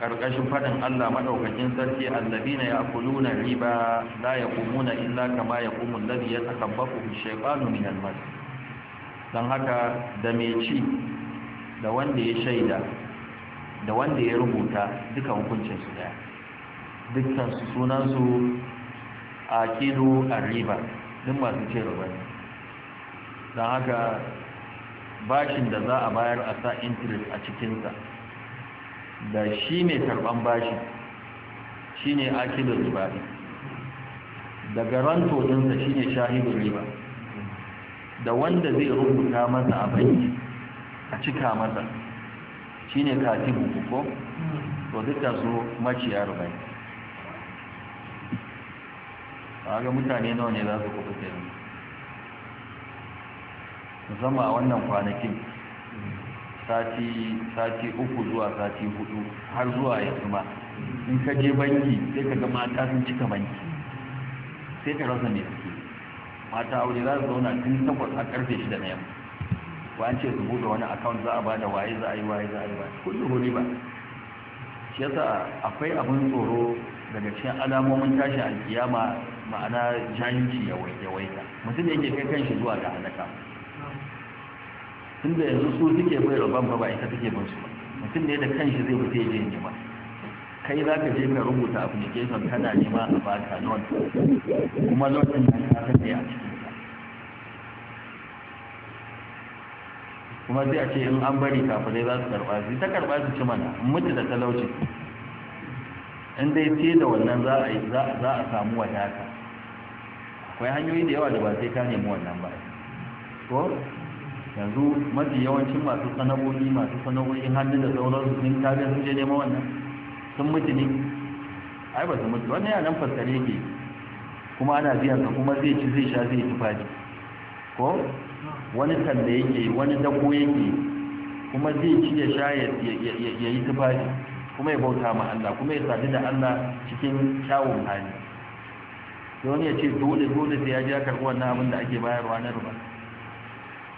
ƙarƙashin faɗin Allah maɗaukakin sarki na ya na riba za ya na illa kama ya kumu lalli ya takabbaku shaifanu min almas don haka da mai ci da wanda ya shaida da wanda ya rubuta duka su daya dukkan sunansu a kilu a riba din masu ce riba don haka bashin da za a bayar a sa interest a cikinsa da shi mai karban bashin shi ne akilin riba ne daga ranto dinsa shi ne shahidu riba da wanda zai rubuta masa a banki a cika masa shi ne katibu ko to duka su maciyar banki kaga mutane nawa ne za su kuɓu ta yi musamman a wannan kwanakin sati uku zuwa sati hudu har zuwa ya zuma in ka je banki sai ka ga mata sun cika banki sai ka rasa mai suke mata aure za su zauna tun takwas a karfe shida na yamma Ba an ce su buɗe wani akawun za a ba da waye za a yi waye za a yi ba kullum hori ba shi yasa akwai abin tsoro daga cikin alamomin tashin alkiyama ma'ana jahilci yawaita mutum yake kai kanshi zuwa ga halaka da yanzu su suke bai rabon ba ba ita take bin su mutum ne da kanshi zai fi ya ne ba kai za ka je ka rubuta application kana nema a baka loan kuma lokacin din nan ka san a cikin kuma sai a ce in an bari kafirai za su karɓa su ta karɓa su ci mana mutu da talauci in dai ce da wannan za a samu wadata akwai hanyoyi da yawa da ba sai ka nemi wannan ba ko yanzu mafi yawancin masu sana'o'i masu sana'o'in hannun da sauransu sun kare sun je nema wannan sun mutu ne ai ba su mutu wannan yana nan fassare yake kuma ana biyan ka kuma zai ci zai sha zai ci fadi ko wani tanda yake wani dako yake kuma zai ci ya sha ya yi tufafi kuma ya bauta ma Allah kuma ya sadu da Allah cikin kyawun hali wani ya ce dole dole sai ya ji karɓi wannan abin da ake bayarwa na riba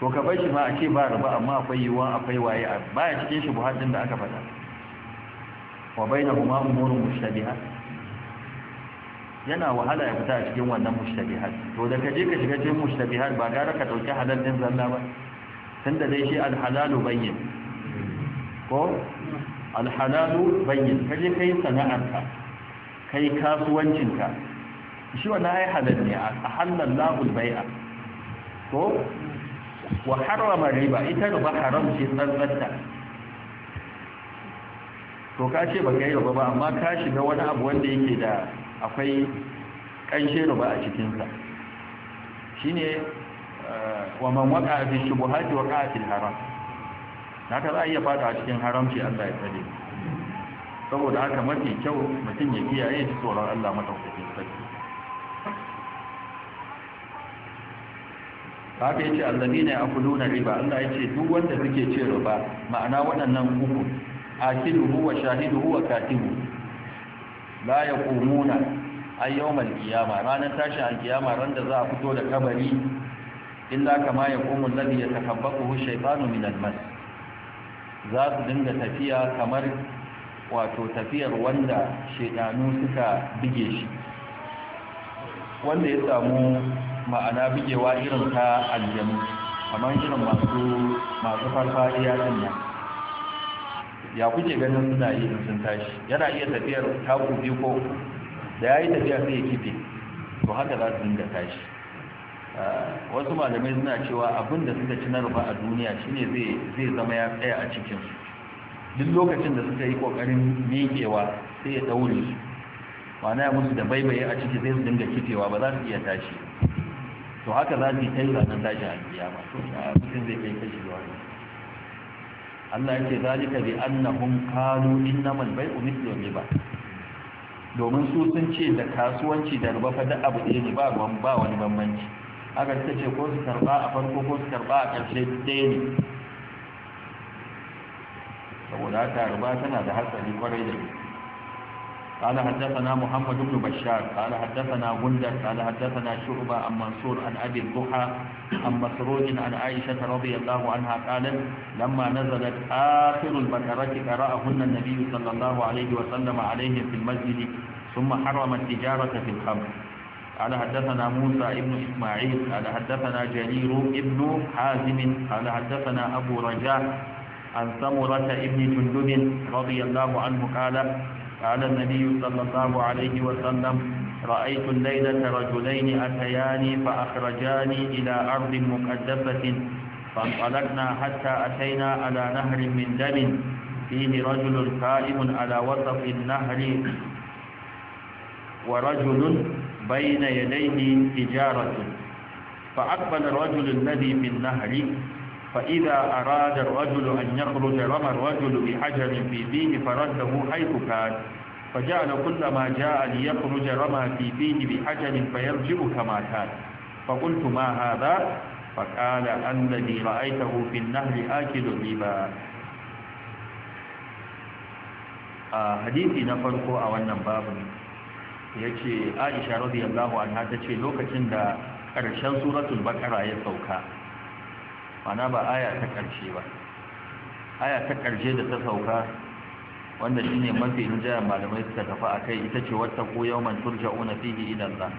to ka bar shi ba a ce ba ruba amma akwai yiwuwa akwai waye a baya cikin shi buhadin da aka faɗa wa na kuma umurun mushtabiha yana wahala ya fita a cikin wannan mushtabiha to da ka je ka shiga cikin mushtabiha ba gara ka dauki halal din zalla ba tunda dai shi alhalalu bayyin ko alhalalu bayyin ka je kai sana'arka kai kasuwancinka shi wannan ai halal ne a hannun lahul bai'a ko wa harrama riba ita riba haram ce tsantsatta to ka ce ba kai riba ba amma ka shiga wani abu wanda yake da akwai kanshe riba a cikinsa Shi ne eh, wa man waqa fi shubuhati waqa fil haram haka za a iya fata a cikin haramci Allah ya tsare saboda haka mafi kyau mutum ya kiyaye tsoron Allah madaukakin sarki haka yace ne akuluna riba Allah yace duk wanda suke ce riba ma'ana waɗannan uku akiluhu wa shahiduhu wa katibu la yaqumuna ay qiyama ranar tashin al-qiyama ran da za a fito da kabari illa kama yaqumu allazi yatakabbahu shaytanu min al-mas za su dinga tafiya kamar wato tafiyar wanda shedanu suka bige shi wanda ya samu ma'ana bugewa irin ta aljanu kamar irin masu masu farfariya din nan ya kuke ganin suna yi sun tashi yana iya tafiyar ta kubi ko da ya yi tafiya sai ya kife to haka za su dinga tashi ah, wasu malamai suna cewa abin da suka ci na rufa a duniya shine zai zama ya tsaya a cikin. duk lokacin da suka yi kokarin miƙewa sai ya daure, su ma'ana ya musu da baibaye a ciki zai su dinga kifewa ba za su iya tashi to haka za mu yi ta yi ranar tashi a kiyama to ya mutum zai kai kashi zuwa wani Allah ya ce zalika bi annahum qalu innamal bai'u mithlu riba domin su sun ce da kasuwanci da riba fa duk abu ɗaya ne ba ruwan ba wani bambanci haka ta ce ko su karɓa a farko ko su karɓa a ƙarshe ɗaya ne saboda haka riba tana da hatsari kwarai da gaske قال حدثنا محمد بن بشار قال حدثنا غندر قال حدثنا شعبة عن منصور عن أبي الضحى عن مسروق عن عائشة رضي الله عنها قالت لما نزلت آخر البكرة قرأهن النبي صلى الله عليه وسلم عليهم في المسجد ثم حرم التجارة في الخمر قال حدثنا موسى ابن إسماعيل قال حدثنا جرير ابن حازم قال حدثنا أبو رجاء عن سمرة ابن جندب رضي الله عنه قال قال النبي صلى الله عليه وسلم رأيت الليلة رجلين أتياني فأخرجاني إلى أرض مكدفة فانطلقنا حتى أتينا على نهر من دم فيه رجل قائم على وسط النهر ورجل بين يديه تجارة فأقبل الرجل الذي في النهر فإذا أراد الرجل أن يخرج رمى الرجل بحجر في فيه فرده حيث كان فجعل كل ما جاء ليخرج رمى في فيه بحجر فيرجع كما كان فقلت ما هذا فقال الذي رأيته في النهر آكل الربا آه، حديثي نفرق farko a wannan عائشة رضي الله عنها radiyallahu anha ta أرشان سورة da ƙarshen mana ba aya ta ƙarshe ba aya ta ƙarshe da ta sauka wanda shi ne mafi rinjaya malamai suka tafi a kai ita ce wata ko yau man turja una fiye idan za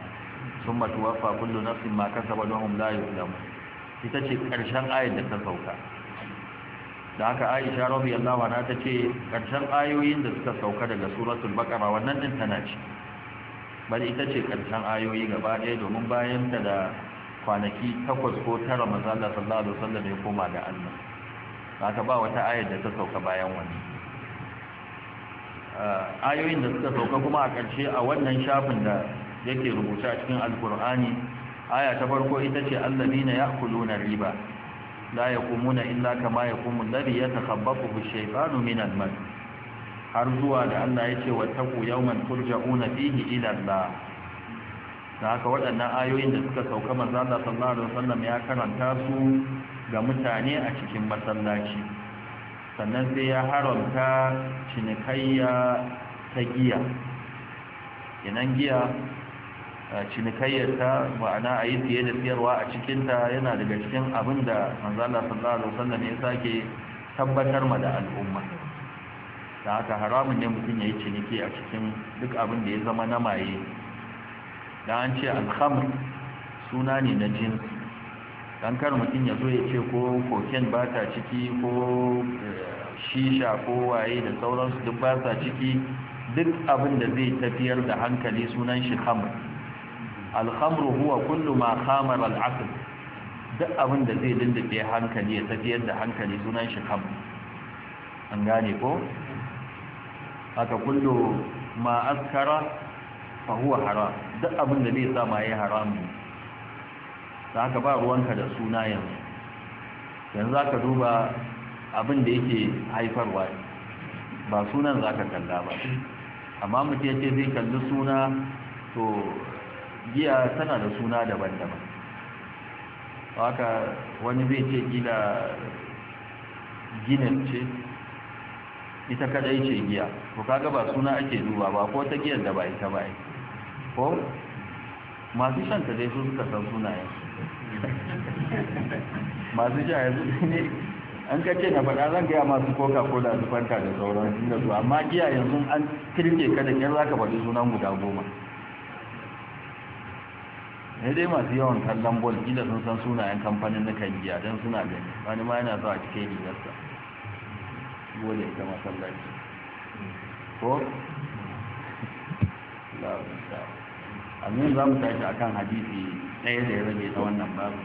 sun fa kullu nafsin ma kasa ba don la yuzlamu ita ce ƙarshen ayar da ta sauka da haka Aisha radiyallahu na ta ce ƙarshen ayoyin da suka sauka daga suratul baqara wannan din tana ce bari ita ce ƙarshen ayoyi gaba ɗaya domin bayan ta da kwanaki takwas ko tara manzala sallallahu alaihi wasallam ya koma ga Allah ta ba wata ayar da ta sauka bayan wani ah, ayoyin da suka sauka kuma a ƙarshe a wannan shafin da yake rubuta a cikin alkur'ani aya ta farko ita ce allazina ya'kuluna riba la yaqumuna illa kama yaqumu alladhi yatakhabbathu ash-shaytanu min al-mas har zuwa da Allah ya ce wattaqu yawman turja'una fihi ila Allah da haka waɗannan ayoyin da suka sauka maza sallallahu alaihi wasallam ya karanta su ga mutane a cikin masallaci sannan sai ya haramta cinikayya ta giya yanan giya cinikayyarta ma'ana a yi fiye da siyarwa a cikinta yana daga cikin abin da manzala sallallahu alaihi wasallam ya sake tabbatar ma da al'umma da haka haramun ne mutum ya yi ciniki a cikin duk abin da ya zama na maye da an ce alhamr suna ne na jinsi don kar mutum ya zo ya ce ko koken ba ta ciki ko eh, shisha ko waye da sauransu duk ba ta ciki duk abin da zai tafiyar da hankali sunan shi hamr alhamru huwa kullu ma khamara al'aql duk abin da zai dindike hankali ya tafiyar da hankali sunan shi hamr an gane ko haka kullu ma askara fa huwa haram duk abin da zai sa yi haramu da haka ba ruwanka da suna yanzu yanzu za ka duba abin da yake haifarwa ba sunan za ka kalla ba amma mutum ce zai kalli suna to giya tana da suna daban-daban haka wani zai ce gina ginin ce ita kadai ce giya to kaga ba suna ake duba ba ko ta giyar da ba ita ba ita ko masu shan dai su suka san sunayen masu shan yanzu ne an kace na faɗa zan gaya masu koka ko da su fanta da sauran su da su amma giya yanzu an kirke ka da kyar zaka faɗi sunan guda goma ne dai masu yawan kallon bol gida sun san sunayen kamfanin na kan giya don suna da wani ma yana zuwa cikin rigarsa gode ita masallaci ko? Allah amin za mu tashi a kan hadisi ɗaya da ya rage ta wannan babu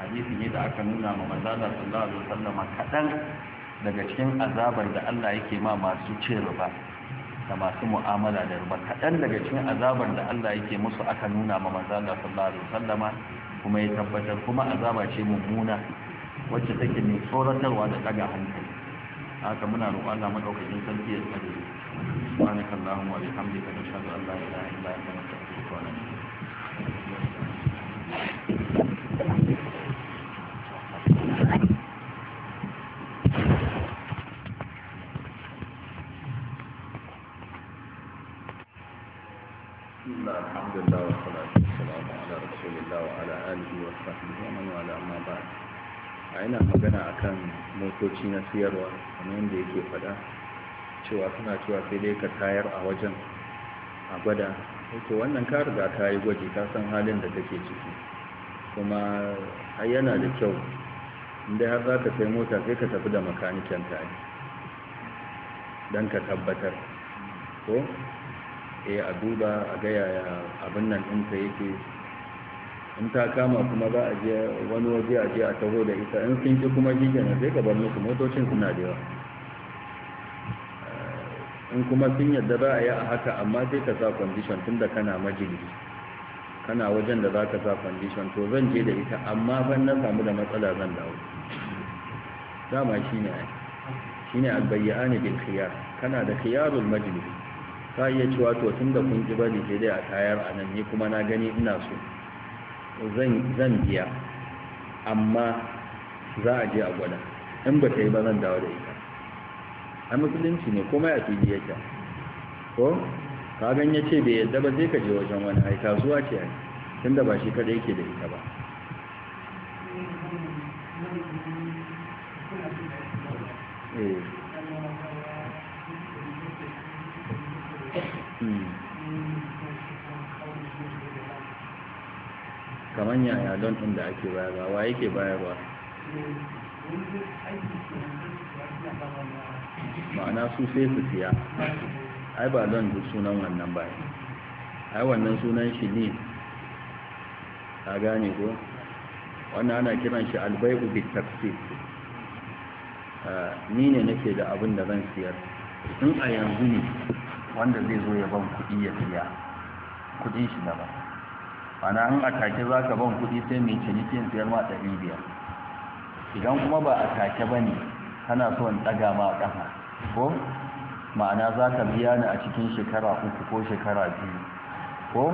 hadisi ne da aka nuna ma manzala a alaihi sallama. kaɗan daga cikin azabar da Allah yake ma masu ce riba da masu mu'amala da riba kaɗan daga cikin azabar da Allah yake musu aka nuna ma manzala a alaihi sallama. kuma ya tabbatar kuma azaba ce mummuna wacce take mai tsoratarwa da ɗaga hankali haka muna roƙon Allah maɗaukakin sarki ya tsare subhanakallahumma wa bihamdika nashhadu an la ilaha الرحيم ومن a أما magana akan motoci na siyarwa kamar yadda yake faɗa cewa suna cewa sai dai ka tayar a wajen a gwada yake eh wannan ka da ka yi gwaji ka san halin da take ciki kuma ai yana da kyau inda har za ka sai mota sai ka tafi da makanikin tayi don ka tabbatar ko eh a duba a ga abin nan ɗinka yake in ta kama kuma za a je wani waje a je a taho da ita in sun ki kuma shi na sai ka bar musu motocin suna da yawa eh, in kuma sun yadda za a yi a haka amma sai ka sa kwandishon tun da kana majingi kana wajen da za ka sa kwandishon to zan je da ita amma ban na samu da matsala zan dawo dama shi ne shi ne albayya ne bin khiyar kana da khiyarul majalisi ta iya cewa to tun da kun ji bani sai dai a tayar a nan ni kuma na gani ina so zan biya amma za a je a gwada in ba ta yi ba zan dawo da ita a musulunci ne kuma ya fili ta ko kagan ya ce bai yadda ba zai ka je wajen wani ai kasuwa ce tun da ba shi kada yake da ita ba eh. kamar yaya don ɗin da ake bayarwa wa yake bayarwa ma'ana su sai su siya ai ba don duk sunan wannan ba ai wannan sunan shi ne a gane ko wannan ana kiran shi albai'u bi tafsir ah, ni ne nake da abin da zan siyar in a yanzu ne wanda zai zo ya ban kuɗi ya siya kuɗin shi na ba. ana an a take za ka ban kuɗi sai mai cinikin siyar ma ɗari biyar idan kuma ba a take ba ne kana son ɗaga ma ƙafa ko ma'ana za ka biya ni a cikin shekara uku ko shekara biyu ko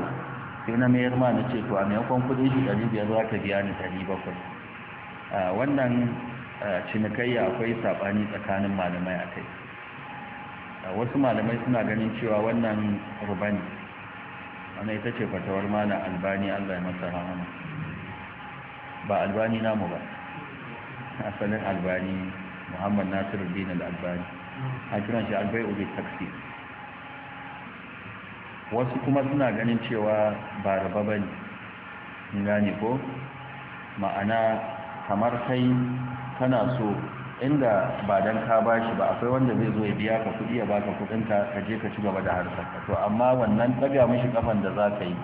sai na mayar ma na ce to a maimakon kuɗin shi ɗari biyar za ka biya ni ɗari bakwai wannan cinikayya akwai saɓani tsakanin malamai a kai wasu malamai suna ganin cewa wannan rubani. Wani ita ce fatawar na albani Allah ya masa rahama ba albani namu ba asalin albani muhammad nasiru din al-albani a kiran shi albai ubi taksi wasu kuma suna ganin cewa ba raba ba ne gane ko ma'ana kamar kai kana so inda ba dan ka ba shi, ba akwai wanda zai zo ya biya ka kuɗi ya baka kuɗin ka ka je ka ci gaba da harkar ka to amma wannan daga mashi kafan da za ka yi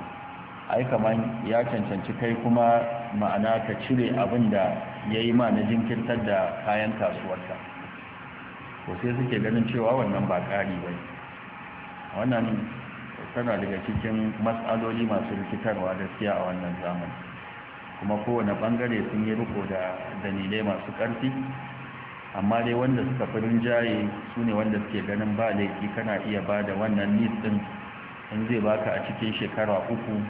ai kaman ya cancanci kai kuma ma'ana ka cire abin da ya yi ma na jinkirtar da kayan kasuwarka ko sai suke ganin cewa wannan ba kari ba wannan tana daga cikin matsaloli masu rikitarwa gaskiya a wannan zamani kuma kowane bangare sun yi riko da dalilai masu ƙarfi amma dai wanda suka fi rinjaye su ne wanda suke ganin ba laifi kana iya ba da wannan nisin in zai baka a cikin shekara uku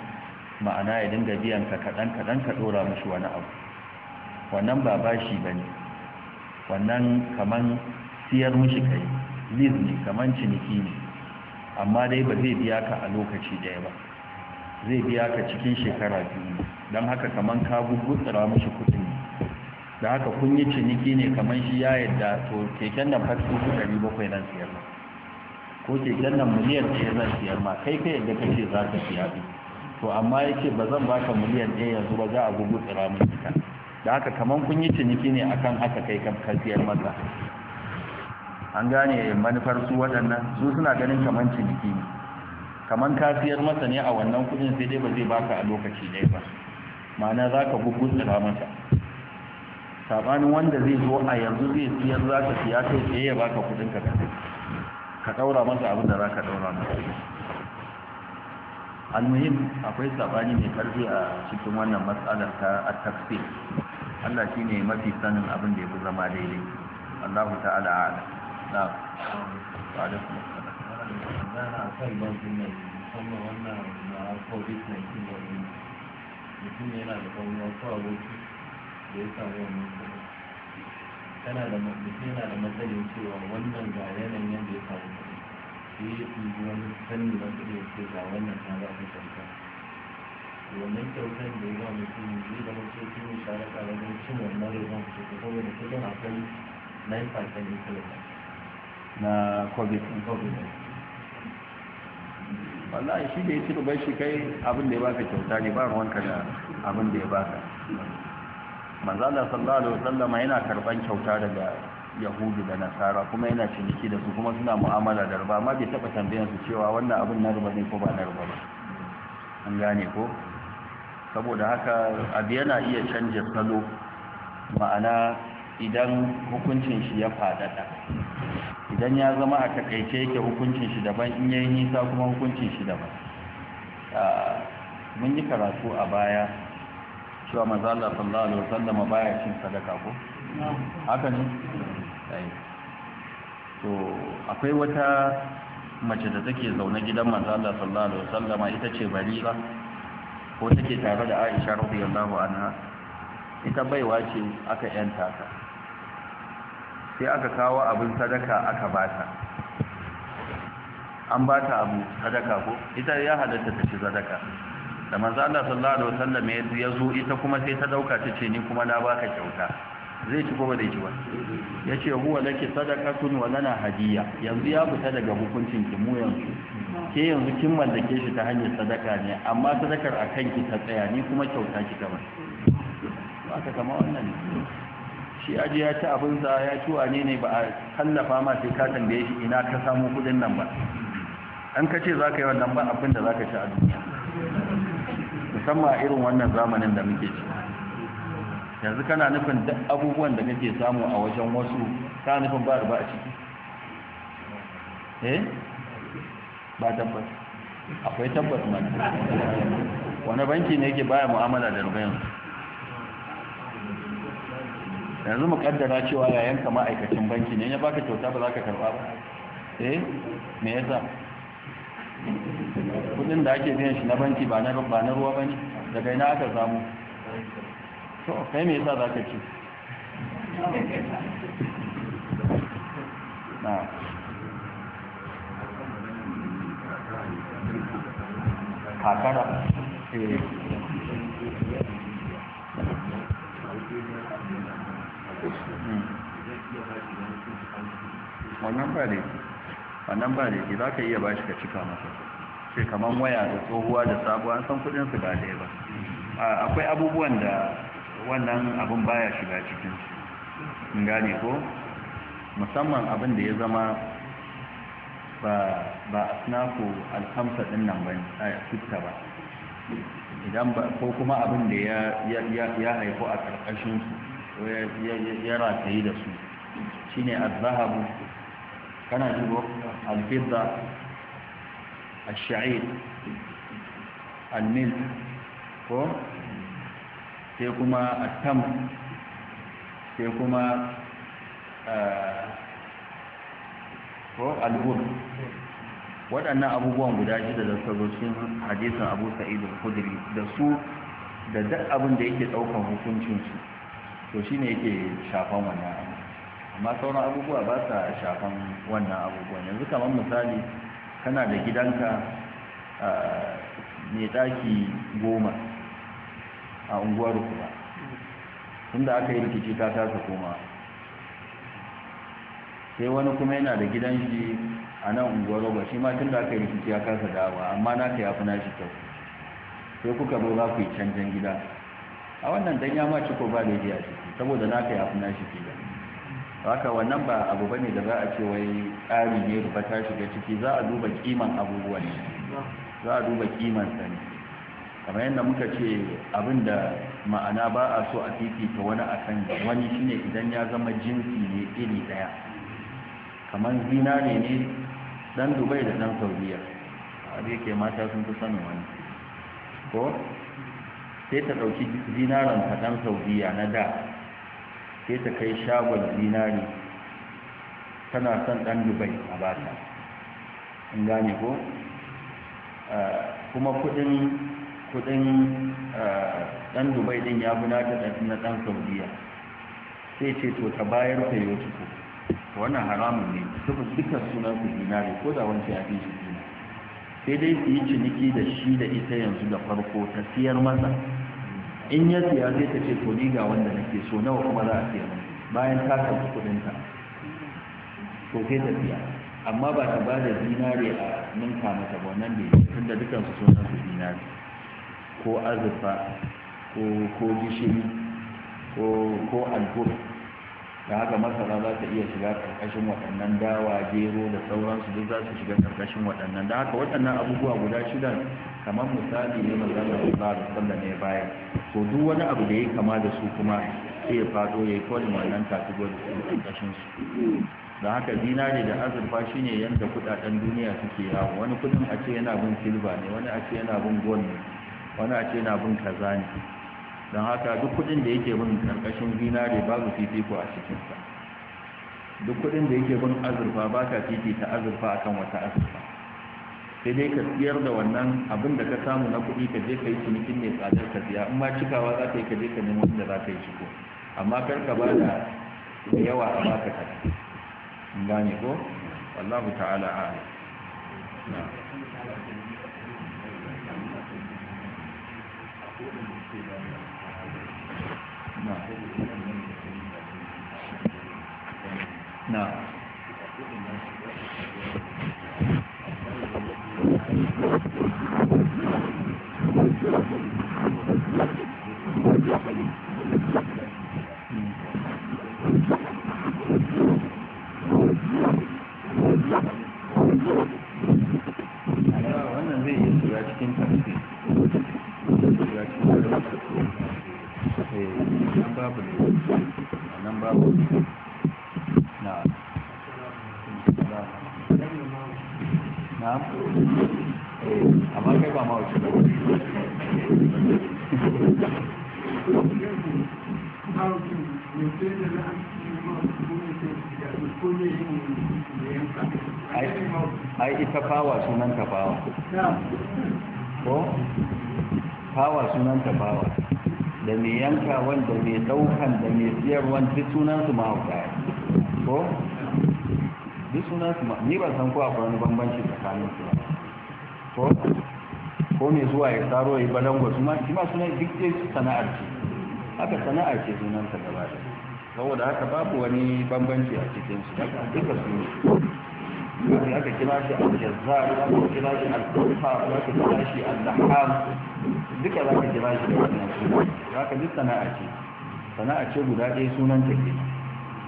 ma'ana ya dinga biyan ka kaɗan kaɗan ka ɗora mushi wani abu wannan ba bashi ba ne wannan kaman siyar mushi kai liz ne kaman ciniki ne amma dai ba zai biya ka a lokaci ɗaya ba zai biya ka cikin shekara biyu don haka kaman ka gugutsura mushi kuɗin ne da haka kun yi ciniki ne kamar shi ya yadda to keken nan fatu su ɗari bakwai nan siyar ma ko keken nan miliyan ɗaya zan siyar ma kai kai yadda kake za ka siya bi to amma ya ce ba zan baka miliyan ɗaya yanzu ba za a gugu tsira mun ita da haka kamar kun yi ciniki ne akan haka kai ka siyar masa an gane manufar su waɗannan su suna ganin kamar ciniki ne kamar ka siyar masa ne a wannan kuɗin sai dai ba zai baka a lokaci ɗaya ba ma'ana za ka gugu tsira masa sabanin wanda zai zo a yanzu zai siyar za ka siya kai tsaye ya baka kudin ka ka daura masa abin da za ka daura masa almuhim akwai sabani mai karfi a cikin wannan matsalar ta a tafsir Allah shi ne mafi sanin abin da ya fi zama daidai Allahu ta'ala ala na wa alaikum assalam musamman wannan na 19 mutum yana da kawai wasu abokin da ya samu wannan kuɗi tana da mutum yana da matsayin cewa wannan ga yanayin da ya samu kuɗi sai ya ɗibi wani fanni na kuɗi ya ce ga wannan ta ba ku kyauta wannan kyautar da ya ba mutum zai zama ce sun yi sharaka wajen cin wannan ribar kuɗi saboda kuɗin akwai 9% interest na covid-19 wallahi shi da ya ci bai shi kai abin da ya baka kyauta ne ba ruwanka da abin da ya baka manzala sallallahu alaihi yana karban kyauta daga yahudu da nasara kuma yana ciniki da su kuma suna mu'amala da riba amma bai taba tambayar su cewa wannan abin na riba ne ko ba na riba ba an gane ko saboda haka abu yana iya canja salo ma'ana idan hukuncin shi ya fadada idan ya zama a takaice yake hukuncin shi daban in yayi nisa kuma hukuncin shi daban mun yi karatu a baya cewa maza Allah sallallahu alaihi wasallam baya cin sadaka ko haka ne to akwai wata mace da take zaune gidan mazala Allah sallallahu alaihi wasallam ita ce barira ko take tare da Aisha radiyallahu anha ita baiwa ce aka yanta ta sai aka kawo abin sadaka aka bata an bata abu sadaka ko ita ya halatta ta ci sadaka da manzo Allah sallallahu alaihi wasallam ya zo ita kuma sai ta dauka ta ce ni kuma na baka kyauta zai ci gobe da ji ba yace huwa laki sadaqatun wa lana hadiya yanzu ya fita daga hukuncin ki mu yanzu ke yanzu kin mallake shi ta hanyar sadaka ne amma sadakar akan ki ta tsaya ni kuma kyauta ki gaba ka kama wannan shi aje ya ci abin sa ya ci wane ne ba a tallafa ma sai ka tambaye shi ina ka samu kudin nan ba an ka ce za ka yi wannan ba abin da za ka ci a duniya musamman a irin wannan zamanin da muke ci yanzu kana nufin duk abubuwan da kake samu a wajen wasu kana nufin ba ba a ciki eh ba tabbas akwai tabbas ma wani banki ne yake baya mu'amala da riba yanzu mu kaddara cewa yayan ka ma'aikacin banki ne ya baka kyauta ba za ka karba ba eh me yasa kudin da ake biyan shi na banki ba na ruwa ba ne daga ina aka samu to kai me yasa za ka ci kakara eh. hmm. wannan ba ne wannan ba da ke za ka iya bashi ka cika masa shi kamar waya da tsohuwa da sabuwa an san kudin ba da ba akwai abubuwan da wannan abin baya shiga cikin in gane ko musamman abin da ya zama ba a asnafu alhamsa din nan ba a ba idan ba ko kuma abin da ya haifo a karkashin ya rataye da su Shi ne a zahabu kana dubo alfidda al-sha'id al-mil ko sai kuma tam sai kuma ko waɗannan abubuwan guda shida da suka zo abu sa'idu al da su da duk abin da yake ɗaukar hukuncinsu to shine yake shafan wannan amma sauran abubuwa ba sa shafan wannan abubuwan yanzu kamar misali kana da gidanka mai ɗaki goma a unguwar kuma inda aka yi rikici ta tasa koma sai wani kuma yana da gidan shi a nan unguwar roba shi ma tun da aka yi rikici ya kasa dawa amma na ka yafi nashi kyau sai kuka zo za ku yi canjan gida a wannan dan ya ma ciko ba da ya ciki saboda na ka yafi nashi gani haka wannan ba abu bane da za a ce wai tsari ne ba ta shiga ciki za a duba kiman abubuwan ne za a duba kiman sa ne kamar yadda muka ce abin da ma'ana ba a so a fifita wani a kan wani shine idan ya zama jinsi ne iri ɗaya. kamar zina ne ne, dan dubai da dan saudiya abin yake mata sun fi sanin wani ko sai ta ɗauki zinaren ta dan saudiya na da sai ta kai shagon zinari tana son ɗan dubai a bata in gane ko eh, kuma kudin kudin eh, ɗan dubai ɗin ya guna ta na ɗan saudiya sai ce to ta bayar ta yi wata ko wannan haramun ne suka dukkan sunan su zinari ko da wancan ya fi shi sai dai su yi ciniki da shi da ita yanzu da farko ta siyar masa in ya siya zai ta ce to ni ga wanda nake so nawa kuma za a siya bayan ta karɓi kudinta to sai ta siya amma ba ta ba da dinari a ninka mata ba wannan tunda dukansu sunan su dinari ko azurfa ko gishiri ko alkur da haka masara za ta iya shiga karkashin waɗannan dawa gero da sauransu duk za su shiga karkashin waɗannan da haka waɗannan abubuwa guda shida kamar misali ne manzana da ba da ya ne baya to duk wani abu da ya kama da su kuma sai ya fado ya yi kolin wannan kategori a ƙarƙashin su da haka zinare da azurfa shine yadda kudaden duniya suke yawo wani kudin a ce yana bin silba ne wani a ce yana bin gold ne wani a ce yana bin kaza ne don haka duk kudin da yake bin karkashin zinare babu fifiko a cikinsa duk kudin da yake bin azurfa ba ka fifita azurfa akan wata azurfa sai dai ka siyar da wannan abin da ka samu na kuɗi ka je ka yi cinikin ne tsadar ka siya in ma cikawa za ka yi ka je ka nemo wanda za ka yi ciko amma kar ka ba da yawa a baka ka in gane ko wallahu ta'ala a na No. wannan zai yi shiga cikin tafi shiga cikin tafi eh, nan babu ne babu na ai ita fawa sunan ta fawa ko fawa sunan ta fawa da mai yanka wanda mai daukan da mai siyarwa duk sunan su mahauta ko duk sunan su ni ban san ko akwai wani bambanci tsakanin su ko ko mai zuwa ya tsaro ya yi balangwa su ma shi ma sunan duk dai sana'ar ce haka sana'ar ce sunan ta gaba da saboda haka babu wani bambanci a cikin su duka su ne wani aka kira shi al-jazzar aka kira shi al-kufa aka kira shi a laham duka za ka kira shi da wannan suna za ka duk sana'a ce sana'a ce guda ɗaya sunan ta ke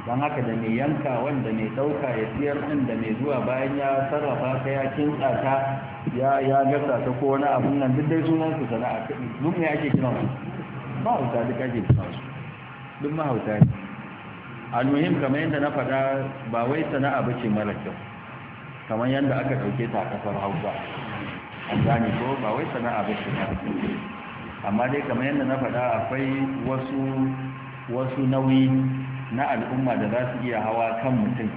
don haka da mai yanka wanda mai ɗauka ya siyar ɗin da mai zuwa bayan ya sarrafa ka ya kintsa ta ya gasa ta ko wani abun nan duk dai sunan su sana'a duk mai ake kiran su mahauta duk ake kiran su duk mahauta ne almuhim kamar yadda na faɗa ba wai sana'a ba ce mara kyau kamar yadda aka ɗauke ta a ƙasar hausa an gane ko ba wai sana'a ba ce mara kyau amma dai kamar yadda na faɗa akwai wasu wasu nauyi na al'umma da za su iya hawa kan mutum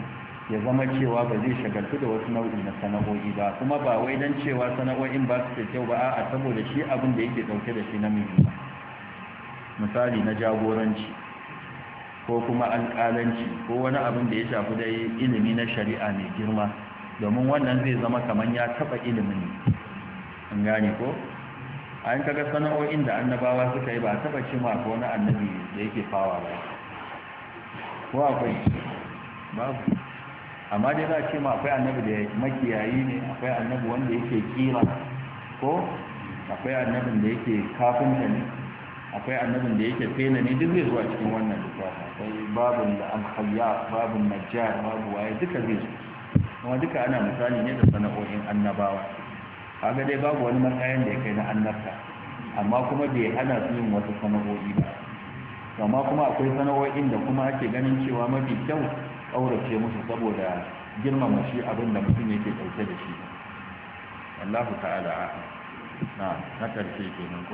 ya zama cewa ba zai shagaltu da wasu nau'i na sana'o'i ba kuma ba wai don cewa sana'o'in ba su da kyau ba a saboda shi abin da yake ɗauke da shi na miji misali na jagoranci ko kuma alƙalanci ko wani abin da ya shafi dai ilimi na shari'a mai girma domin wannan zai zama kamar ya taɓa ilimin ne an gane ko an kaga sana'o'in da annabawa suka yi ba a taɓa cima ko wani annabi da yake fawa ba ko akwai babu amma dai za a cima akwai annabi da makiyayi ne akwai annabi wanda yake kira ko akwai annabin da yake kafinta ne akwai annabin da yake fena ne duk zai zuwa cikin wannan littafin akwai babun da alhayya babun najjar babu waye duka zai zo kuma duka ana misali ne da sana'o'in annabawa kaga dai babu wani matsayin da ya kai na annabta amma kuma bai hana su yin wasu sana'o'i ba amma kuma akwai sana'o'in da kuma ake ganin cewa mafi kyau ƙaurace musu saboda girmama shi abin da mutum yake ɗauke da shi Allahu ta'ala na na kenan ko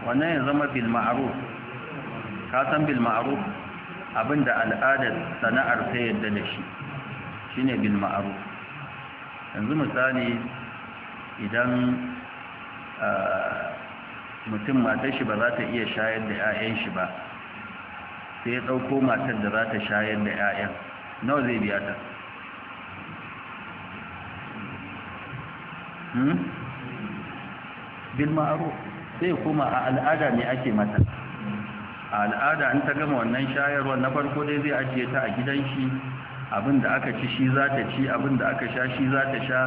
wannan ya zama bilma'aruf san bilma'aruf abinda al'adar sana'ar ta yadda da shi shi ne bilma'aruf yanzu misali idan mutum matar shi ba za ta iya shayar da 'ya'yan shi ba sai ya ɗauko matar da za ta shayar da 'ya'yan nawa zai biya ta Hmm? bil sai kuma a al'ada ne ake mata a al'ada in ta gama wannan shayarwa na farko dai zai ajiye ta a gidan shi abin da aka ci shi za ta ci abin da aka sha shi za ta sha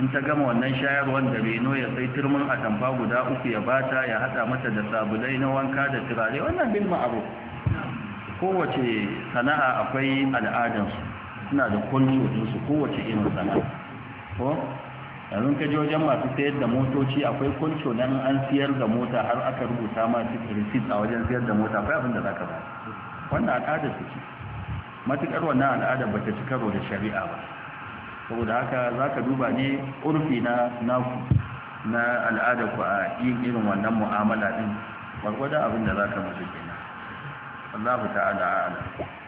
in ta gama wannan shayarwar da reno ya sai turmin atamfa guda uku ya bata ya hada mata da sabulai na wanka da turare wannan bil ma'ruf kowace sana'a akwai al'adansu suna da kullu su kowace irin sana'a yanzu ka ji wajen masu sayar da motoci akwai kwanco na an siyar da mota har aka rubuta masu receipt a wajen siyar da mota akwai abin da za ka ba wannan al'ada su ce matuƙar wannan al'ada ba ta ci karo da shari'a ba saboda haka za ka duba ne ƙurfi na naku na al'ada ku a yin irin wannan mu'amala din gwargwadon abin da za ka musu kenan Allah ta'ala a'ala